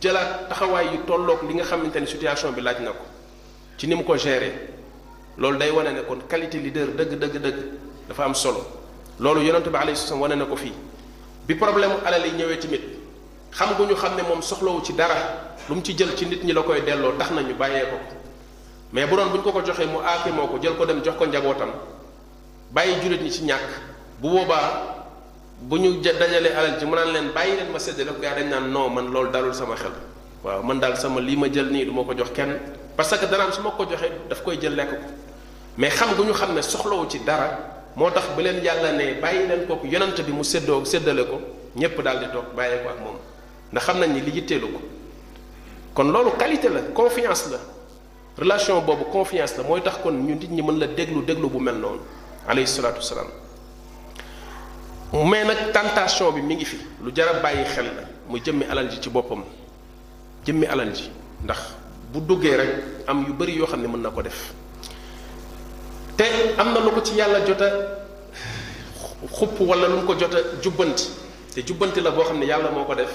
Speaker 1: jëlaat taxawaay yu tollook li nga xamante ni situation bi laaj na ko ci ni mu ko gérer loolu day wane ne kon qualité leader dëgg dëgg dëgg dafa am solo loolu yonent bi alayhi salaam wane na ko fii bi problème alal yi ñëwee tamit xam nga ñu xam ne moom soxlawu ci dara lu mu ci jël ci nit ñi la koy delloo tax na ñu bàyyee mais bu doon bu ñu ko ko joxee mu aakimoo ko jël ko dem jox ko njabootam bàyyi jullit ñi ci ñàkk. bu boobaa bu ñu ja dajalee alal ci mu naan leen bàyyi leen ma séddale ko gaa dañ naan noo man loolu darul sama xel waaw man daal sama lii ma jël nii du ma ko jox kenn parce que danaam su ma ko joxee daf koy jël lekk ko mais xam gu ñu xam ne soxlawu ci dara moo tax ba leen yàlla ne bàyyi leen kooku yonant bi mu séddoo séddale ko ñépp daal di toog bàyyee ak moom ndax xam nañ ni li yitteelu ko kon loolu qualité la confiance la relation boobu confiance la mooy tax kon ñu nit ñi mën la déglu déglu bu mel noonu alayhi salaatu wasalaam mais nag tentation bi mi ngi fi lu jar bàyyi xel la mu jëmmi alal ji ci boppam jëmmi alal ji ndax bu duggee rek am yu bari yoo xam ne mën na ko def te am na lu ko ci yàlla jot a xupp wala lu mu ko jot a jubbanti te jubbanti la boo xam ne yàlla moo ko def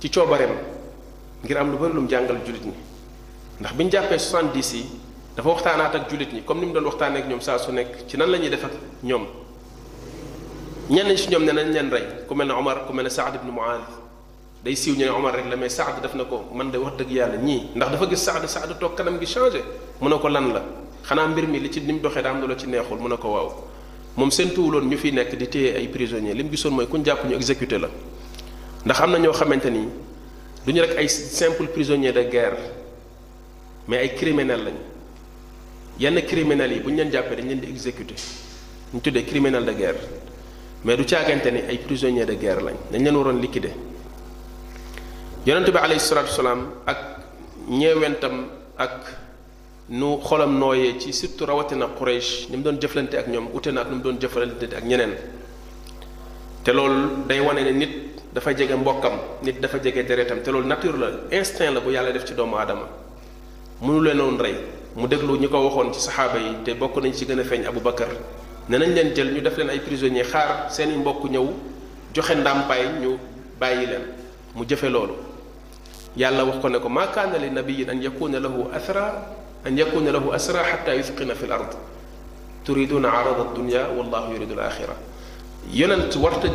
Speaker 1: ci coobareem ngir am lu bari lu mu jàngal jullit ñi ndax bi ñu jàppee 70 yi dafa waxtaanaat ak jullit ñi comme ni mu doon waxtaanee ak ñoom saa su nekk ci nan la ñuy def ñoom. ñenn si ñoom ne nañ leen rey ku mel ne Omar ku mel ne Saad ibn Muaz day siiw ñu Omar rek la mais Saad daf na ko man de wax dëgg yàlla ñii ndax dafa gis Saad Saad toog kanam gi changé mu ne ko lan la xanaa mbir mi li ci ni mu doxee daa am lu ci neexul mun ne ko waaw moom séentuwuloon ñu fiy nekk di téye ay prisonniers li mu gisoon mooy ku ñu jàpp ñu exécuté la ndax am na ñoo xamante ni du ñu rek ay simple prisonniers de guerre mais ay criminels lañu yenn criminels yi bu leen jàppee dañu leen di exécuté ñu tuddee criminel de guerre. mais du caagante ni ay prisonniers de guerre lañ dañ leen waroon liquider yonent bi alayhi salaatu salaam ak ñeewentam ak nu xolam nooyee ci surtout rawatina Quraysh ni mu doon jëflante ak ñoom ute na ak nu mu doon jëflante ak ñeneen te loolu day wane ne nit dafa jege mbokkam nit dafa jege deretam te loolu nature la instinct la bu yàlla def ci doomu aadama mënu leen woon rey mu déglu ñi ko waxoon ci saxaaba yi te bokk nañ ci gën a feeñ Abu Bakar ne nañ leen jël ñu def leen ay prisonniers xaar seeni mbokk ñëw joxe ndàmpaay ñu bàyyi leen mu jëfe loolu yàlla wax ko ne ko maa kaana li nabiyin an yakuna lahu asra an yakuna lahu asra xata yusqina fi l ard turiduna arada dunia wallahu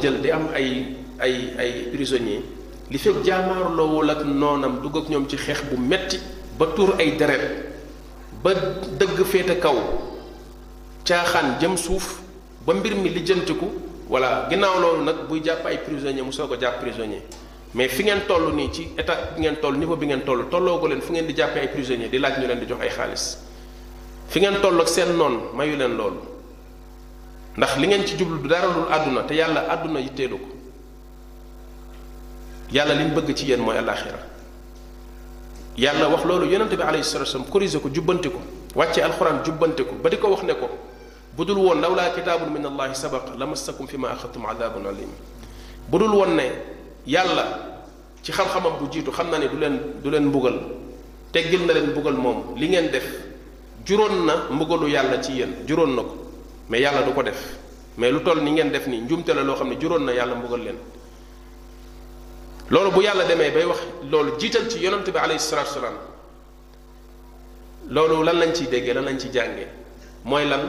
Speaker 1: jël di am ay ay ay prisonniers li fekk jaamaarloowul ak noonam dugg ak ñoom ci xeex bu metti ba tuur ay deret ba dëgg féete kaw caaxaan jëm suuf ba mbir mi lijjantiku voilà ginnaaw loolu nag buy jàpp ay prisonnier mu soog a jàpp prisonnier mais fi ngeen toll nii ci état bi ngeen toll niveau bi ngeen toll tolloo ko leen fu ngeen di jàppee ay prisonnier di laaj ñu leen di jox ay xaalis fi ngeen toll ak seen noon mayu leen loolu ndax li ngeen ci jublu du dara dul àdduna te yàlla àdduna yitteelu ko yàlla li bëgg ci yéen mooy alaxira yàlla wax loolu yonente bi alayhi salatu wasallam ko jubbanti ko wàcce alxuraan jubbanti ko ba di ko wax ne ko bu dul woon ndaw laa kitaabun min allahi sabaq la massakum fi ma axadtum adabun alim bu dul woon ne yàlla ci xam-xamam bu jiitu xam na ne du leen du leen mbugal teggil na leen mbugal moom li ngeen def juróon na mbugalu yàlla ci yéen juróon na ko mais yàlla du ko def mais lu toll ni ngeen def nii njumte la loo xam ne juróon na yàlla mbugal leen loolu bu yàlla demee bay wax loolu jiital ci yonante bi alayhi salaatu salaam loolu lan lañ ci déggee lan lañ ci jàngee mooy lan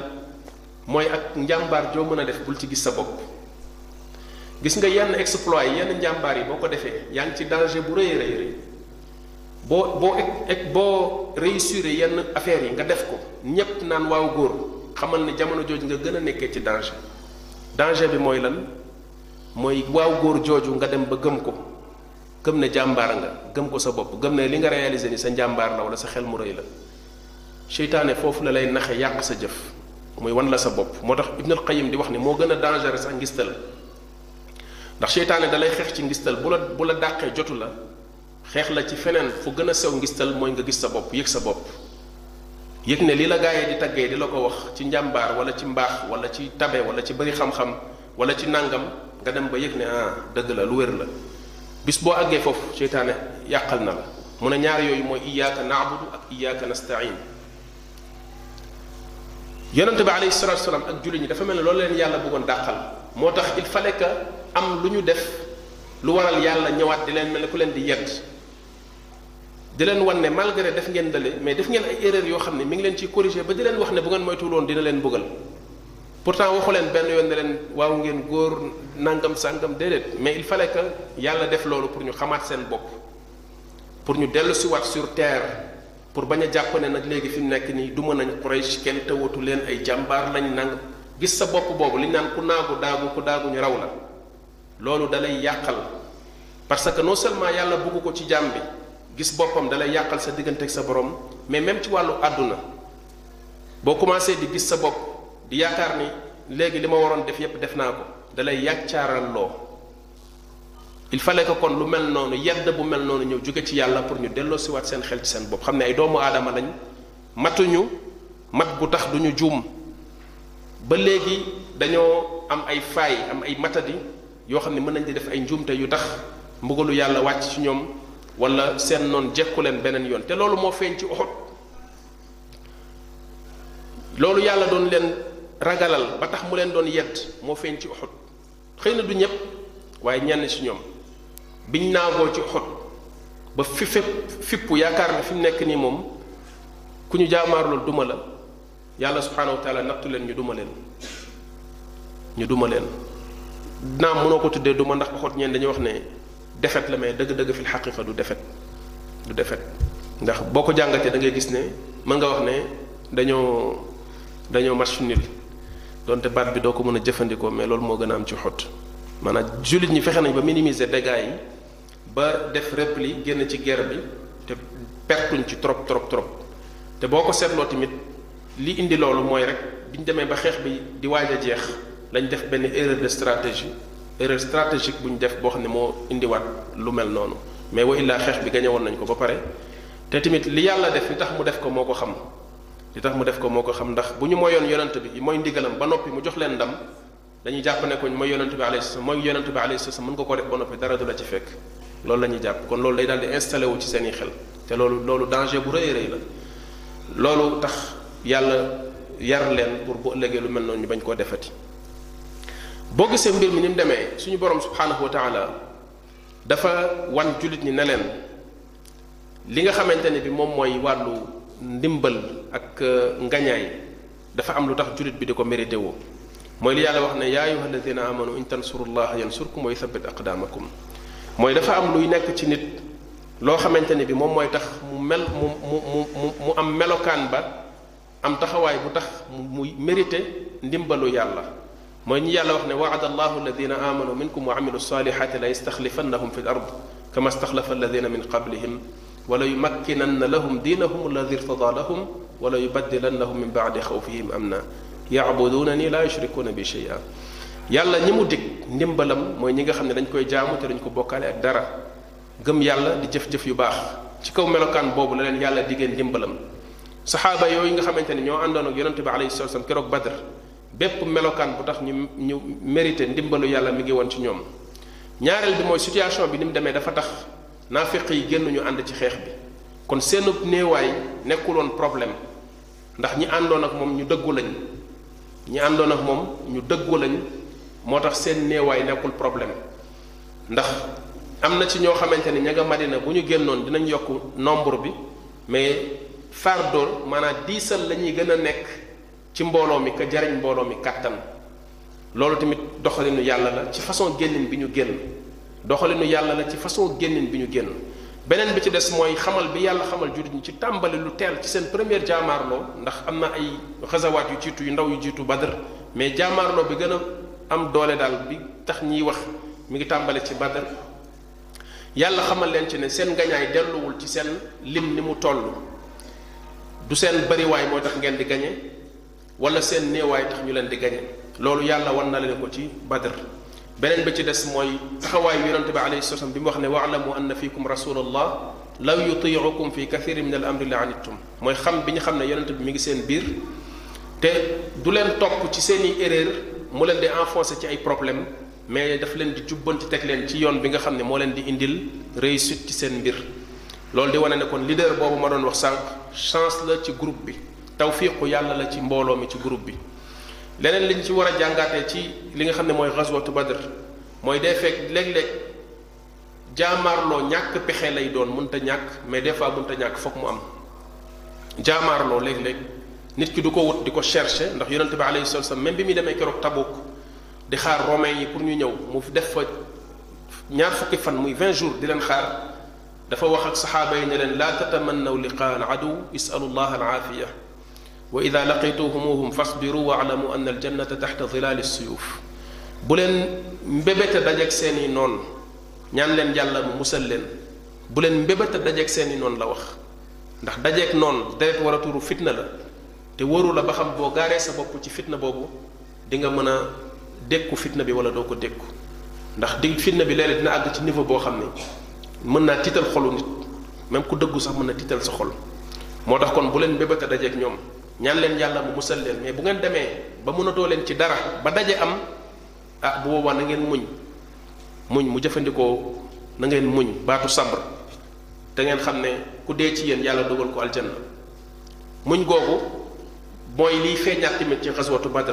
Speaker 1: mooy ak njàmbaar joo mën a def bul ci gis sa bopp gis nga yenn exploit yi yenn njàmbaar yi boo ko defee yaa ngi ci danger bu rëy rëy rëy boo boo ek boo réussir yenn affaires yi nga def ko ñépp naan waaw góor xamal ne jamono jooju nga gën a nekkee ci danger danger bi mooy lan mooy waaw góor jooju nga dem ba gëm ko gëm ne jàmbaar nga gëm ko sa bopp gëm ne li nga réaliser ni sa njàmbaar la wala sa xel mu rëy la seytaane foofu la lay naxe yàq sa jëf muy wan la sa bopp moo tax Ibn al di wax ne moo gën a dangereux sax ngistal ndax seytaane dalay xeex ci ngistal bu la bu la dàqee jotu la xeex la ci feneen fu gën a sew ngistal mooy nga gis sa bopp yëg sa bopp yëg ne li la gaa yi di taggee di la ko wax ci njàmbaar wala ci mbaax wala ci tabe wala ci bari xam-xam wala ci nàngam nga dem ba yëg ne ah dëgg la lu wér la bis boo àggee foofu seytaane yàqal na la mu ne ñaar yooyu mooy iyaaka naabudu ak iyaaka nastain yonente bi alayhi salatu salaam ak julli ñi dafa mel ne loolu leen yàlla bëggoon dàqal moo tax il fallait que am lu ñu def lu waral yàlla ñëwaat di leen mel ne ku leen di yedd di leen wan ne malgré def ngeen dale mais def ngeen ay erreurs yoo xam ne mi ngi leen ci corriger ba di leen wax ne bu ngeen moytuwul woon dina leen bëggal pourtant waxu leen benn yoon ne leen waaw ngeen góor nangam sangam déedéet mais il fallait que yàlla def loolu pour ñu xamaat seen bopp pour ñu dellu si sur terre pour bañ a jàpp nag léegi fi mu nekk nii duma nañ Quraysh kenn tawatu leen ay jàmbaar lañ nang gis sa bopp boobu li naan ku naagu daagu ku daagu ñu raw la loolu dalay yàqal parce que non seulement yàlla bugg ko ci jàmm bi gis boppam dalay yàqal sa diggante ak sa borom mais même ci wàllu àdduna boo commencé di gis sa bopp di yaakaar ni léegi li ma waroon def yépp def naa ko dalay yàccaaral loo il fallait kon lu mel noonu yedd bu mel noonu ñëw jóge ci yàlla pour ñu delloo siwaat seen xel ci seen bopp xam ne ay doomu aadama lañ matuñu mat bu tax duñu juum ba léegi dañoo am ay fay am ay matadi yoo xam ne mën nañ di def ay njuumte yu tax mbugalu yàlla wàcc ci ñoom wala seen noon jekku leen beneen yoon te loolu moo feeñ ci Uhud loolu yàlla doon leen ragalal ba tax mu leen doon yedd moo feeñ ci Uhud xëy na du ñëpp waaye ñenn ci ñoom biñ naagoo ci xot ba fi fépp yaakaar ne fi mu nekk nii moom ku ñu jaamaar loolu duma la yàlla subhaanahu wa taala nattu leen ñu duma leen ñu duma leen naam mënoo ko tuddee duma ndax xot ñeen dañuy wax ne defet la mais dëgg-dëgg fi fil fa du defet du defet ndax boo ko jàngatee da ngay gis ne mën nga wax ne dañoo dañoo match nul donte baat bi doo ko mën a jëfandikoo mais loolu moo gën a am ci xot maanaam jullit ñi fexe nañ ba minimiser dégâts yi ba def repli génn ci ger bi te pertuñ ci trop trop trop te boo ko seetloo tamit li indi loolu mooy rek bi ñu demee ba xeex bi di waaj a jeex lañu def benn erreur de stratégie erreur stratégique bu ñu def boo xam ne moo indiwaat lu mel noonu mais wa illaa xeex bi gañe woon nañ ko ba pare te tamit li yàlla def li tax mu def ko moo ko xam li tax mu def ko moo ko xam ndax bu ñu moyoon yonent bi mooy ndigalam ba noppi mu jox leen ndam dañuy jàpp ne ko mooy yonent bi alayhi salaam mooy yonent bi alayhi salaam mën nga koo la ci fekk loolu la ñuy jàpp kon loolu day daal di wu ci seen xel te loolu loolu danger bu rëy rëy la loolu tax yàlla yar leen pour bu ëllëgee lu mel noonu ñu bañ koo defati boo gisee mbir mi ni mu demee suñu borom subhaanahu wa taala dafa wan jullit ñi ne leen li nga xamante ne bi moom mooy wàllu ndimbal ak euh, ngañaay dafa am lu tax jullit bi di ko mérité woo mooy li yàlla wax ne yaa ayyuha alladina amanu in tansurullaha yansurkum wa yuthabbit aqdamakum mooy dafa am luy nekk ci nit loo xamante ne bi moom mooy tax mu mel mu mu mu mu am melokaan ba am taxawaay bu tax mu mérite ndimbalu yàlla mooy ñi yàlla wax ne waada allahu alladina amanu minkum wa amilu salihati la yastaxlifannahum fi l ard kama staxlafa alladina min qablihim wala yumakkinanna lahum diinahum alladi irtada lahum wala yubaddilannahum min bacdi xawfihim amna yacbuduuna ni laa yushrikuuna bi cheya yàlla ñi mu dig ndimbalam mooy ñi nga xam ne dañ koy jaamu te dañ ko bokkaale ak dara gëm yàlla di jëf-jëf yu baax ci kaw melokaan boobu la leen yàlla diggéen ndimbalam saxaaba yooyu nga xamante ne ñoo àndoon ak yonente bi alayhi salatu wasallam keroog badr bépp melokaan bu tax ñu ñu mérité ndimbalu yàlla mi ngi woon ci ñoom ñaareel bi mooy situation bi ni mu demee dafa tax naafiq yi génn ñu ànd ci xeex bi kon seenu néewaay nekkuloon problème ndax ñi àndoon ak moom ñu dëggu lañ ñi àndoon ak moom ñu dëggu lañ moo tax seen néewaay nekkul problème ndax am na ci ñoo xamante ni ña nga Madina bu ñu génnoon dinañ yokk nombre bi mais fardool maanaam diisal lañuy ñuy gën a nekk ci mbooloo mi ka jariñ mbooloo mi kàttan loolu tamit doxalinu yàlla la ci façon génnin bi ñu génn doxalinu yàlla la ci façon génnin bi ñu génn beneen bi ci des mooy xamal bi yàlla xamal jullit ñi ci tàmbali lu teel ci seen première jaamaarloo ndax am na ay xasawaat yu jiitu yu ndaw yu jiitu Badr am doole daal bi tax ñiy wax mi ngi tàmbale ci Badar yàlla xamal leen ci ne seen gañaay delluwul ci seen lim ni mu toll du seen bariwaay mooy tax ngeen di gañe wala seen néewaay tax ñu leen di gañe loolu yàlla wan na leen ko ci Badar beneen bi ci des mooy taxawaay bi yonente bi alayhi salaam bi mu wax ne waalamu anna fiikum rasulullah law yutiicukum fi kathirin min al amri la anittum mooy xam bi ñu xam ne yonente bi mu ngi seen biir du leen topp ci seeni erreur mu leen di enfoncé ci ay problème mais daf leen di jubbanti teg leen ci yoon bi nga xam ne moo leen di indil réussite ci seen mbir loolu di wane ne kon leader boobu ma doon wax sànq chance la ci groupe bi tawfiqu yàlla la ci mbooloo mi ci groupe bi leneen liñ ci war a jàngaatee ci li nga xam ne mooy ghazwatu badr mooy day fekk léeg-léeg jaamaarloo ñàkk pexe lay doon mënta ñàkk mais des fois mënta ñàkk foog mu am jaamaarloo léeg-léeg nit ki du ko wut di ko chercher ndax yonent bi alayhi salatu wasallam même bi muy demee keroog Tabuk di xaar romain yi pour ñu ñëw mu def fa ñaar fukki fan muy 20 jours di leen xaar dafa wax ak saxaaba yi ne leen laa tatamannaw liqaa al aduw isalu llah al aafiya wa ida laqitumuhum fasbiru wa alamu an al jannata taxta zilaali suyuf bu leen mbébéta dajeeg seen i noonu ñaan leen yàlla mu musal leen bu leen mbébéta dajeeg seen i noonu la wax ndax dajeeg noonu deret war a tuuru fitna la te wóoru ba xam boo gaaree sa bopp ci fitna boobu di nga mën a dékku fitna bi wala doo ko dékku ndax di fitna bi léeg dina àgg ci niveau boo xam ne mën naa tiital xolu nit même ku dëggu sax mën na tiital sa xol moo tax kon bu leen bébata dajeeg ñoom ñaan leen yàlla mu musal leen mais bu ngeen demee ba mënatoo leen ci dara ba daje am ah bu boobaa na ngeen muñ muñ mu jëfandikoo na ngeen muñ baatu sabr te ngeen xam ne ku dee ci yéen yàlla dogal ko aljanna muñ googu mooy liy feeñaat tamit ci xaswatu badr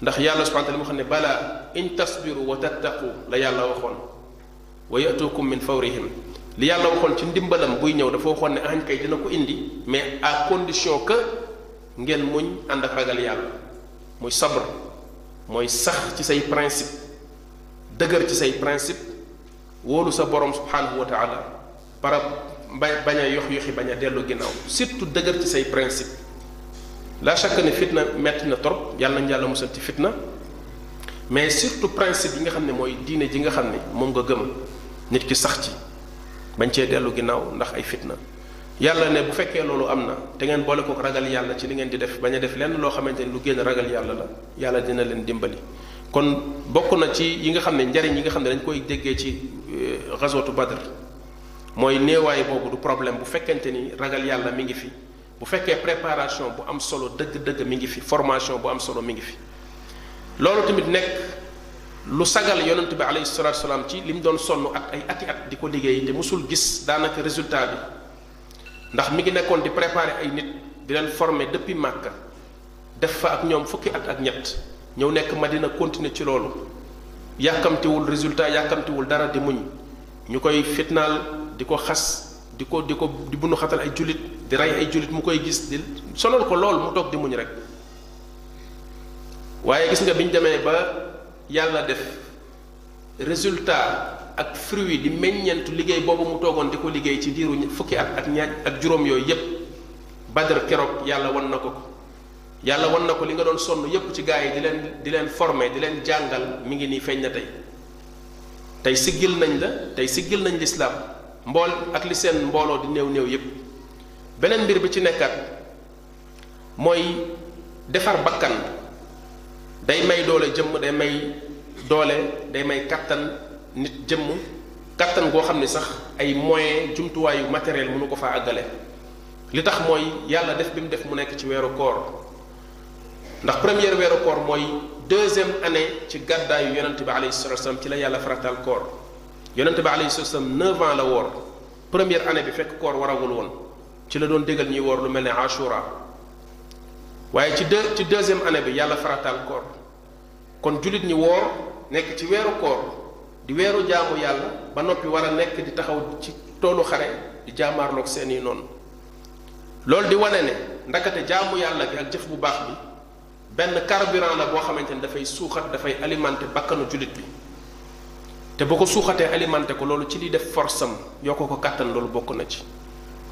Speaker 1: ndax yàlla subhanahu wa moo xam ne balaa in tasbiru wa tattaqu la yàlla waxoon wa yatukum min fawrihim li yàlla waxoon ci ndimbalam buy ñëw dafa waxoon ne añ kay dina ko indi mais à condition que ngeen muñ ànd ak ragal yàlla muy sabr mooy sax ci say principe dëgër ci say principe woolu sa borom subhanahu wa taala para ba bañ a yox yoxi bañ a dellu ginnaaw surtout dëgër ci say principe la chaque ne fitna metti na trop yàlla nañ yàlla musal ci fitna mais surtout principe yi nga xam ne mooy diine ji nga xam ne moom nga gëm nit ki sax ci bañ cee dellu ginnaaw ndax ay fitna yàlla ne bu fekkee loolu am na te ngeen boole ko ragal yàlla ci li ngeen di def bañ a def lenn loo xamante ni lu génn ragal yàlla la yàlla dina leen dimbali. kon bokk na ci yi nga xam ne njariñ yi nga xam ne dañ koy déggee ci euh, ghazwatu Badr mooy néewaay boobu du problème bu fekkente ni ragal yàlla mi ngi fi. bu fekkee préparation bu am solo dëgg-dëgg mi ngi fi formation bu am solo mi ngi fi loolu tamit nekk lu sagal yonent bi alayhi salaatu salaam ci li mu doon sonn at ay ati at di ko liggéey te musul gis daanaka résultat bi ndax mi ngi nekkoon di préparer ay nit di leen former depuis Màkka def fa ak ñoom fukki at ak ñett ñëw nekk ma dina continuer ci loolu yàkkamtiwul résultat yàkkamtiwul dara di muñ ñu koy fitnaal di ko xas di ko di ko di bunu xatal ay jullit di rey ay jullit mu koy gis di sonal ko lool mu toog di muñ rek waaye gis nga biñ demee ba yàlla def résultat ak fruit di meññeentu liggéey boobu mu toogoon di ko liggéey ci diiru fukki at ak ñaaj ak juróom yooyu yépp badar keroog yàlla wan na ko ko yàlla wan na ko li nga doon sonn yépp ci gaa yi di leen di leen former di leen jàngal mi ngi nii feeñ na tey tey siggil nañ la tey siggil nañ lislaam mbool ak li seen mbooloo di néew néew yépp beneen mbir bi ci nekkat mooy defar bakkan day may doole jëmm day may doole day may kattan nit jëmm kàttan goo xam ne sax ay moyen jumtuwaayu matériel mënu ko faa àggale li tax mooy yàlla def bi mu def mu nekk ci weeru koor ndax première weeru koor mooy deuxième anne ci gàddaayu yonente bi alayhi salatu wasalam ci la yàlla farataal koor yonente bi alayhi salaam neuf ans la woor première année bi fekk koor waragul woon ci la doon dégal ñuy woor lu mel ne ashura waaye ci deux ci deuxième année bi yàlla farataal koor kon jullit ñi woor nekk ci weeru koor di weeru jaamu yàlla ba noppi war a nekk di taxaw ci toolu xare di jaamaarloog seeni noonu loolu di wane ne ndakate jaamu yàlla gi ak jëf bu baax bi benn carburant la boo xamante ni dafay suuxat dafay alimenter bakkanu jullit bi te boo ko suuxatee alimenté ko loolu ci li def force am yokk ko kàttan loolu bokk na ci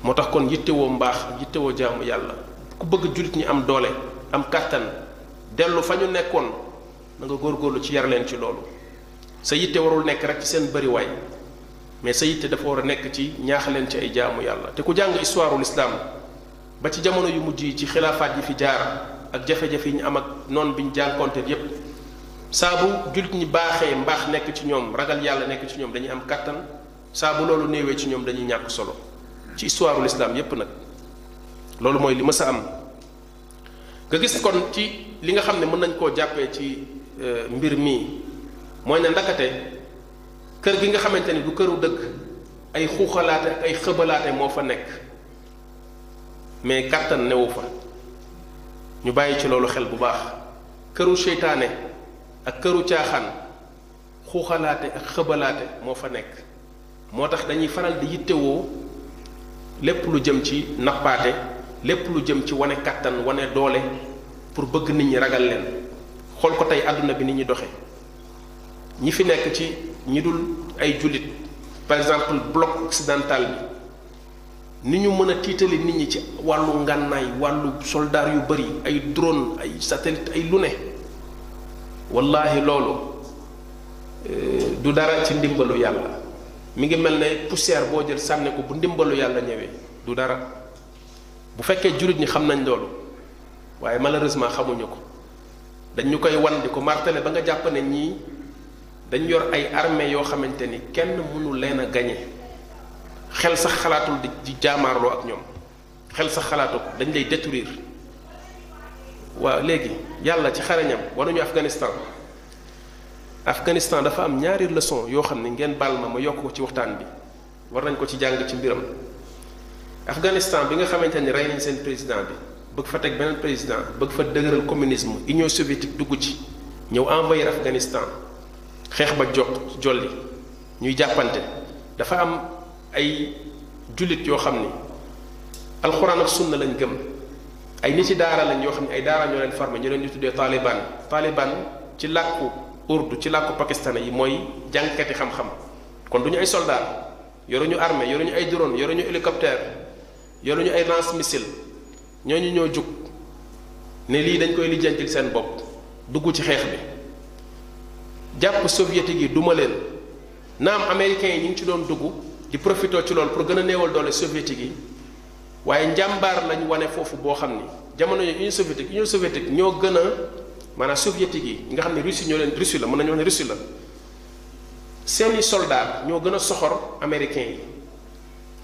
Speaker 1: moo tax kon yittewoo mbaax yittewoo jaamu yàlla ku bëgg jullit ñi am doole am kàttan dellu fa ñu nekkoon na nga góorlu ci yar leen ci loolu sa yitte warul nekk rek ci seen bëriwaay mais sa yitte dafa war a nekk ci ñaax leen ci ay jaamu yàlla te ku jàng histoire l'islam ba ci jamono yu mujj yi ci xilaafaat yi fi jaar ak jafe-jafe yi ñu am ak noon bi ñu jànkonteel yépp saabu bu jullit ñi baaxee mbaax nekk ci ñoom ragal yàlla nekk ci ñoom dañuy am kàttan saabu loolu néewee ci ñoom dañuy ñàkk solo ci histoire u lislaam yépp nag loolu mooy li ma sa am nga gis kon ci li nga xam ne mën nañ koo jàppee ci euh, mbir mii mooy ne ndakate kër gi nga xamante ni du këru dëkk ay xuuxalaate ak ay xëbalaate moo fa nekk mais kàttan newu fa ñu bàyyi ci loolu xel bu baax këru seytaane ak këru caaxaan xuuxalaate ak xëbalaate moo fa nekk moo tax dañuy faral di yittewoo lépp lu jëm ci nappaate lépp lu jëm ci wane kàttan wane doole pour bëgg nit ñi ragal leen xool ko tey àdduna bi ni ñi doxe ñi fi nekk ci ñi dul ay jullit par exemple bloc occidental bi ni ñu mën a tiitali nit ñi ci wàllu ngànnaay wàllu soldaar yu bari ay drone ay satellite ay lu ne wallaahi loolu eh, du dara ci ndimbalu yàlla mi ngi mel ne poussière boo jël sànni ko bu ndimbalu yàlla ñëwee du dara bu fekkee jullit ñi xam nañ loolu waaye malheureusement xamuñu ko dañ koy wan di ko martale ba nga jàpp ne ñii dañ yor ay armée yoo xamante ni kenn mënu leen a gañe xel sax xalaatul di jaamaarloo ak ñoom xel sax xalaatu ko dañ lay détruire waaw léegi yàlla ci xarañam waruñu Afghanistan Afghanistan dafa am ñaari leçon yoo xam ne ngeen baal ma ma yokk ko ci waxtaan bi war nañ ko ci jàng ci mbiram Afghanistan bi nga xamante ni rey nañ seen président bi bëgg fa teg beneen président bëgg fa dëgëral communisme Union soviétique dugg ci ñëw envahir Afghanistan xeex ba jox jolli ñuy jàppante dafa am ay jullit yoo xam ni alxuraan ak sunna lañ gëm. ay nit ci daaral lañ yoo xam ne ay daara ñoo leen formé ñu leen di tuddee taliban taliban ci làkku urdu ci làkku pakistan yi mooy jànkati xam-xam kon du ñu ay soldat yoruñu armée yoruñu ay drone yoruñu hélicoptère yoruñu ay lance missile ñooñu ñoo jug ne lii dañ koy lijjantil seen bopp dugg ci xeex bi jàpp soviétique yi duma leen naam américains yi ñu ngi ci doon dugg di profité ci loolu pour gën a néewal doole soviétique yi waaye njàmbaar lañ wane foofu boo xam ni jamono yooyu union soviétique union soviétique ñoo gën a maanaam soviétique yi nga xam ne Russie ñoo leen Russie la mën nañu wax ne Russie la seeni soldat ñoo gën a soxor américain yi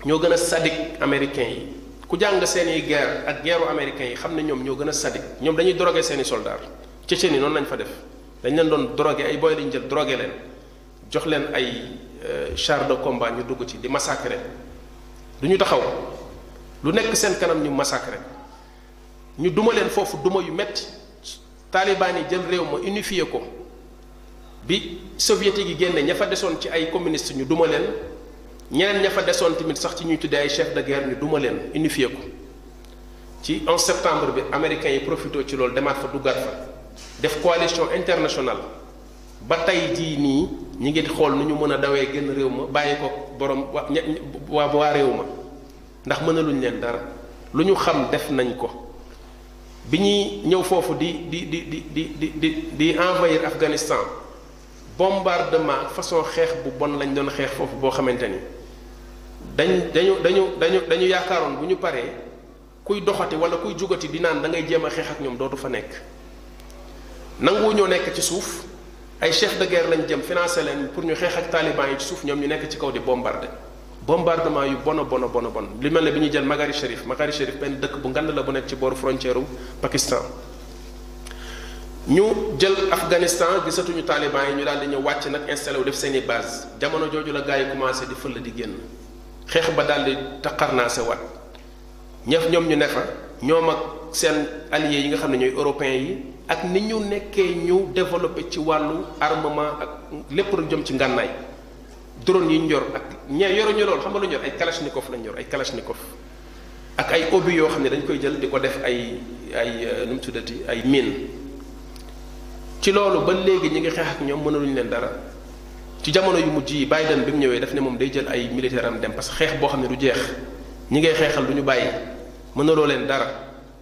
Speaker 1: ñoo gën a sadik américain yi ku jàng seeni guerre ak guerru américain yi xam ne ñoom ñoo gën a sadik ñoom dañuy drogué seeni soldat Tchétchénie noonu lañ fa def dañ leen doon drogué ay booy lañ jël drogué leen jox leen ay euh, char de combat dugg ci di massacrer du ñu taxaw lu nekk seen kanam ñu massacré ñu duma leen foofu duma yu metti taalibaan yi jël réew ma unifié ko bi soviétique yi génne ña fa desoon ci ay communiste ñu duma leen ñeneen ña fa desoon tamit sax ci ñuy tuddee ay chef de guerre ñu duma leen unifié ko ci 11 septembre bi américains yi profité ci loolu demaat fa duggaat fa def coalition international ba tey jii nii ñi ngi xool nu ñu mën a dawee génn réew ma bàyyi ko borom waa waa réew ma ndax mënaluñ leen dara lu ñu xam def nañ ko bi ñuy ñëw foofu di di di di di di di envahir Afghanistan bombardement façon xeex bu bon lañu doon xeex foofu boo xamante ni dañ dañu dañu dañu dañu yaakaaroon bu ñu paree kuy doxati wala kuy jugati di naan da ngay jéem a xeex ak ñoom dootu fa nekk nanguwu ñoo nekk ci suuf ay chef de guerre lañ jëm financé leen pour ñu xeex ak taliban yi ci suuf ñoom ñu nekk ci kaw di bombardé bombardement yu bon bon bon bon li mel ne bi ñuy jël Magari Sharif Magari Sharif benn dëkk bu ngand la bu nekk ci booru frontière u Pakistan ñu jël Afghanistan gisatuñu taliban yi ñu daal di ñëw wàcc nag installé wu def seen i base jamono jooju la gars yi commencé di fël di génn xeex ba daal di taqarnaase waat ñëf ñoom ñu ne fa ñoom ak seen alliés yi nga xam ne ñooy européens yi ak ni ñu nekkee ñu développé ci wàllu armement ak lépp lu jëm ci ngànnaay drone yi ñu yor ak ña yoruñu loolu xam nga lu ñu yor ay kalachnikov lañ yor ay kalachnikov ak ay obus yoo xam ne dañ koy jël di ko def ay ay euh, nu mu tuddati ay mine ci loolu ba léegi ñu ngi xeex ak ñoom mënaluñu leen dara ci jamono yu mujj yi Biden bi mu ñëwee daf ne moom day jël ay militaire am dem parce que xeex boo xam ne du jeex ñi ngay xeexal du ñu bàyyi mënaloo leen dara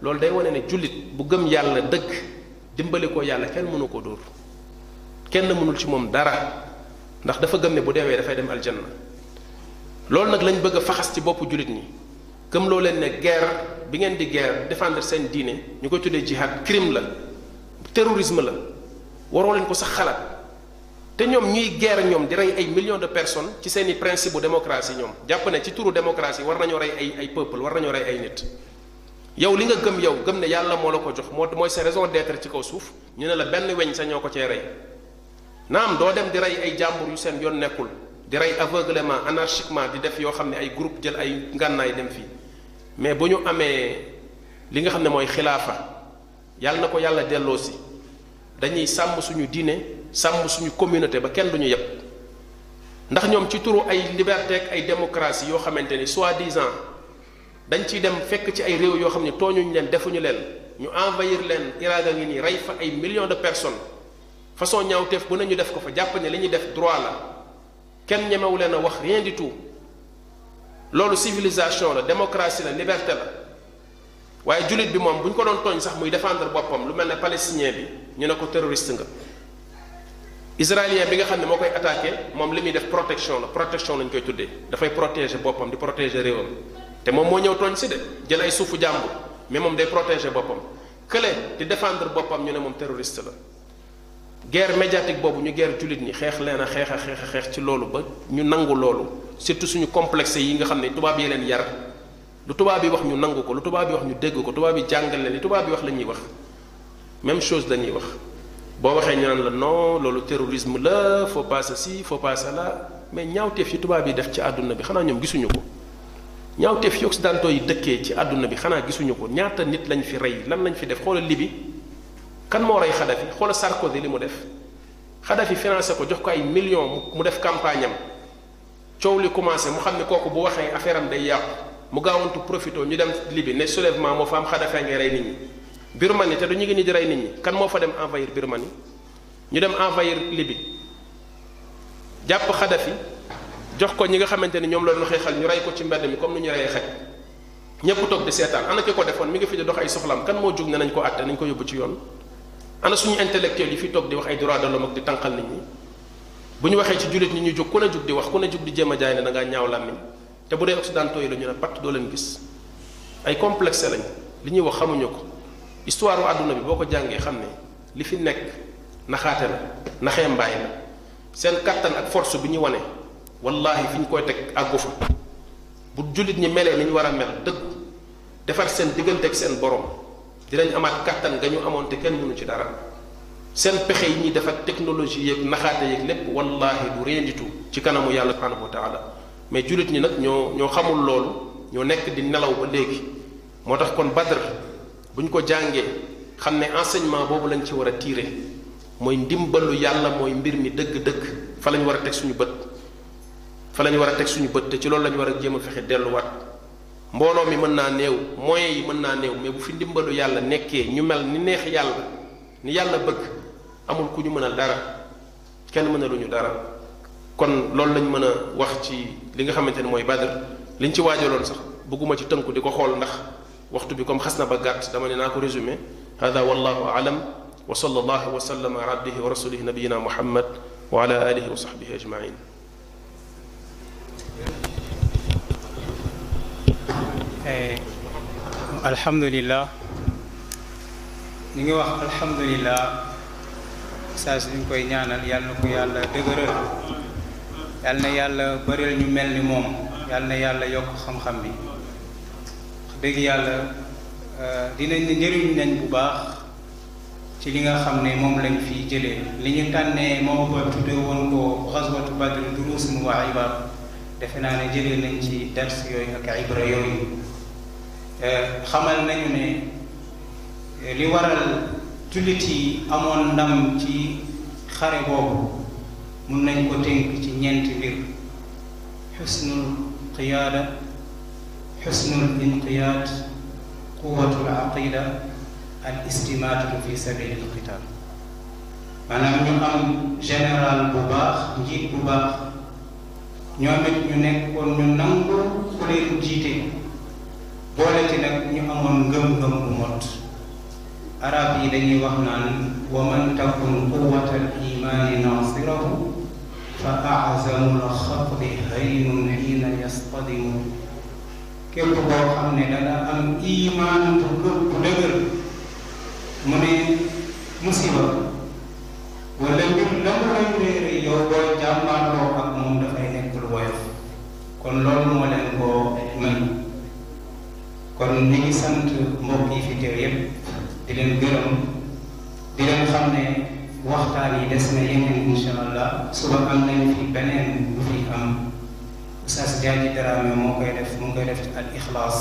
Speaker 1: loolu day wane ne jullit bu gëm yàlla dëkk dimbali ko yàlla kenn mënu ko dóor kenn mënul ci moom dara. ndax dafa gëm ne bu deewee dafay dem aljanna loolu nag lañu bëgg a faxas ci boppu jullit ñi gëm loo leen ne guerre bi ngeen di guerre défendre seen diine ñu koy tuddee jihad kirim la terrorisme la waroo leen ko sax xalaat te ñoom ñuy guerre ñoom di rey ay millions de personnes ci seen i principe bu démocratie ñoom jàpp ne ci turu démocratie war nañoo rey ay ay peuple war nañoo rey ay nit yow li nga gëm yow gëm ne yàlla moo la ko jox moo mooy sa raison d'être ci kaw suuf ñu ne la benn weñ sa ñoo ko cee rey naam doo dem di rey ay jàmbur yu seen yoon nekkul di rey aveuglement anarchiquement di def yoo xam ne ay groupe jël ay ngànnaay dem fii mais bu ñu amee li nga xam ne mooy xilaafa yàlla na ko yàlla delloo si dañuy sàmm suñu diine sàmm suñu communauté ba kenn du ñu yëpp ndax ñoom ci turu ay liberté ak ay démocratie yoo xamante ni soi-disant dañ ciy dem fekk ci ay réew yoo xam ne tooñuñu leen defuñu leen ñu envahir leen Irak a ngi nii rey fa ay millions de personnes façon ñaawteef bu nañu def ko fa jàpp ne li ñuy def droit la kenn ñemewu leen a wax rien du tout loolu civilisation la démocratie la liberté la waaye jullit bi moom bu ñu ko doon tooñ sax muy défendre boppam lu mel ne palestinien bi ñu ne ko terroriste nga israélien bi nga xam ne moo koy attaqué moom li muy def protection la protection lañ koy tuddee dafay protéger boppam di protéger réewam te moom moo ñëw tooñ si de jël ay suufu jàmbur mais moom day protéger boppam kële di défendre boppam ñu ne moom terroriste la ger médiatique boobu ñu guerre jullit ñi xeex leen a xeex a xeex a xeex ci loolu ba ñu nangu loolu surtout suñu complexe yi nga xam ne tubaab yi leen yar lu tubaab yi wax ñu nangu ko lu tubaab yi wax ñu dégg ko tubaab yi jàngal ne li tubaab yi wax la ñuy wax même chose lañuy wax boo waxee ñu la no loolu terrorisme la faut pas ceci faut pas cela mais ñaawteef yi tubaab yi def ci àdduna bi xanaa ñoom gisuñu ko ñaawteef yi occidentaux yi dëkkee ci àdduna bi xanaa gisuñu ko ñaata nit lañ fi rey lan lañ fi def xoolal libi kan moo rey Xadafi xoola Sarkozy li mu def Xadafi financé ko jox ko ay millions mu def campagne am coow li commencé mu xam ne kooku bu waxee affaire am day yàqu mu gaawantu profité ñu dem Libye ne soulèvement moo fa am Xadafi ngay rey nit ñi. Birmanie te du ñu ngi nii rey nit ñi kan moo fa dem envahir Birmanie ñu dem envahir Libye jàpp Xadafi jox ko ñi nga xamante ni ñoom la doon xeexal ñu rey ko ci mbedd mi comme ni ñu reyee xaj ñëpp toog di seetaan ana ko defoon mi fi di dox ay soxlaam kan moo ko àtte nañ ko yóbbu ci yoon. ana suñu intellectuel yi fi toog di wax ay droits de l'homme ak di tànqal nit ñi bu ñu waxee ci jullit ñi ñu jóg ku ne jóg di wax ku ne jóg di jéem a jaay ne da ñaaw làmmiñ te bu dee occidentaux yi la ñu ne patt doo leen gis ay complexe lañ li ñuy wax xamuñu ko histoire u àdduna bi boo ko jàngee xam ne li fi nekk naxaate la naxee la seen kattan ak force bi ñu wane wallahi fi ñu koy teg àggu fa bu jullit ñi melee ni ñu war a mel dëgg defar seen diggante ak seen borom dinañ amaat kàttan nga ñu amoon te kenn mënu ci dara seen pexe yi ñuy def ak technologie yeeg naxaate yeeg lépp wallaahi bu rien du tout ci kanamu yàlla subhanahu wa taala mais jullit ñi nag ñoo ñoo xamul lool ñoo nekk di nelaw ba léegi moo tax kon Badr bu ñu ko jàngee xam ne enseignement boobu lañ ci war a tiire mooy ndimbalu yàlla mooy mbir mi dëgg-dëgg fa lañ war a teg suñu bët fa lañ war a teg suñu bët te ci loolu lañu war a jéem a fexe delluwaat mbooloo mi mën naa néew moyens yi mën naa néew mais bu fi ndimbalu yàlla nekkee ñu mel ni neex yàlla ni yàlla bëgg amul ku ñu mën a dara kenn mën a ñu dara kon loolu lañu mën a wax ci li nga xamante ne mooy Badr liñ ci waajaloon sax bëgguma ci tënku di ko xool ndax waxtu bi comme xas na ba gàtt dama ne naa ko résumé hada wallahu alam wa sallallahu wa sallama ala abdihi wa rasulihi nabiyina muhammad wa ala sax bi sahbihi ajmain
Speaker 2: Eh, alhamdulilah ñu ngi wax alhamdulilah saa suñ koy ñaanal yal na ko yàlla dëgëral yal na yàlla bëril ñu mel ni moom yal na yàlla yokk xam-xam bi dëgg yàlla eh, dinañ njëriñ nañ bu baax ci li nga xam ne moom lañu fi jëlee li ñu tànnee moo ba tudde woon ko xaswatu badr duruusun wa ibar defe naa ne jëlee nañ ci dars yooyu ak ibra yooyu Eh, xamal nañu ne eh, li waral jullit amoon ndam ci xare boobu mun nañ ko tënk ci ñeenti mbir xusnul qiyaada xusnul inqiyaad quwatul aqida al istimaatu fi sabilil ñu am général bu njiit bu baax ñoom it ñu nekkoon nangu ku jiite boole ci nag ñu amoon ngëm-ngëm bu mot arab yi dañuy wax naan wa man takun quwatal imaani nasirahu fa azamu la xatri haynun xiina yastadimu képp koo xam ne dana am imaan bu gëm bu dëgër mu ne musiba wala mbir la mu lay réere yow boo jàmmaarloo ak moom dafay nekk lu woyof kon loolu moo leen kon ni ngi sant mbokk yi fi teew yëpp di leen gërëm di leen xam ne waxtaan yi des na yeneen incha allah suba am nañu fi beneen bu fi am Oustaz Diagne Dramé moo koy def mu koy def ci al ixlaas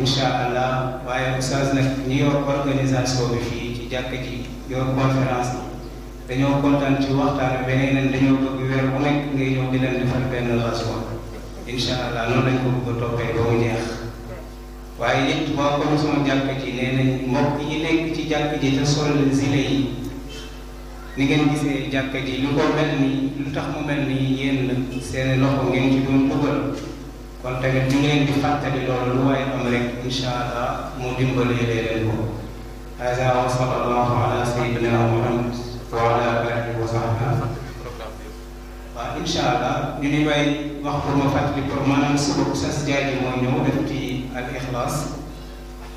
Speaker 2: incha allah waaye Oustaz nag ñu yor organisation bi fii ci jàkk ji yor conférence bi dañoo kontaan ci waxtaan beneen dañoo bëgg weer bu ngay ñëw di leen defal benn laas incha allah noonu lañ ko bëgg a toppee ba mu waaye nit boo ko sama jàkk ci nee nañ mbokk yi nekk ci ji te sol ni ngeen gisee jàkk ji lu ko mel tax mu mel ni yéen la seen loxo ngeen ci doon dugal kon tamit ñu ngi loolu lu waaye am rek insha allah mu dimbalee leen ko hada wa sallallahu ala sayyidina muhammad wa ala alihi wa sahbihi waaw insha allah ñu ni bàyyi wax ma fàttali pour maanaam suba sas jaaji moo ñëw def ci al ixlaas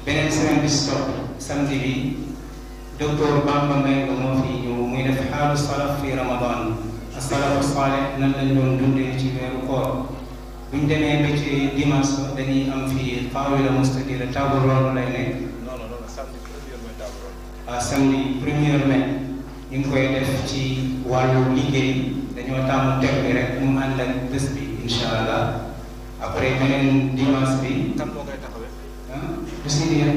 Speaker 2: beneen semaine bi si topp samedi bi docteur Bamba Mbengue moo fi ñëw muy def u salaf fi ramadan asalafu saleh nan lañ doon dundee ci weeru koor bu ñu demee ba ci dimanche dañuy am fii xaawila mustadira table ronde lay nekk. Ah, premier mai ñu koy def ci wàllu liggéey dañoo tàmm teg bi rek mu ànd ak bi incha allah. après beneen dimanche bi. kan moo koy taxawee. ah bis ni ngeen.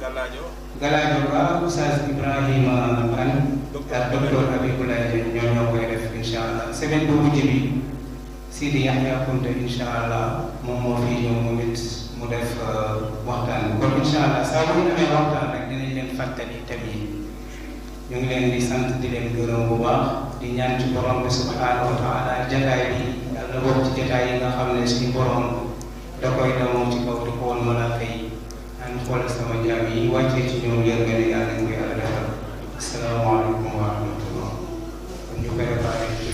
Speaker 2: Galaajo. Galaajo ba Oustaz Ibrahima Kane. ak docteur Abiboulaye ñoo ñoo koy def incha allah semaine bu mujj bi Sidi Yahya Kunte incha allah moom fi ñëw moom mu def euh, waxtaan kon incha allah saa bu ñu amee waxtaan rek dinañ leen fàttali thèmes yi ñu ngi leen di sant di leen gërëm bu baax di ñaan ci borom bi subhanahu wa taala jagaay bi. la bokk ci jotaay nga xam ne suñu borom da koy damoo ci kaw di ko woon malaaka yi naan xoolal sama jaam yi wàccee ci ñoom yër nga ne yàlla nañ ko yàlla defal asalaamaaleykum wa rahmatullah ñu koy réparé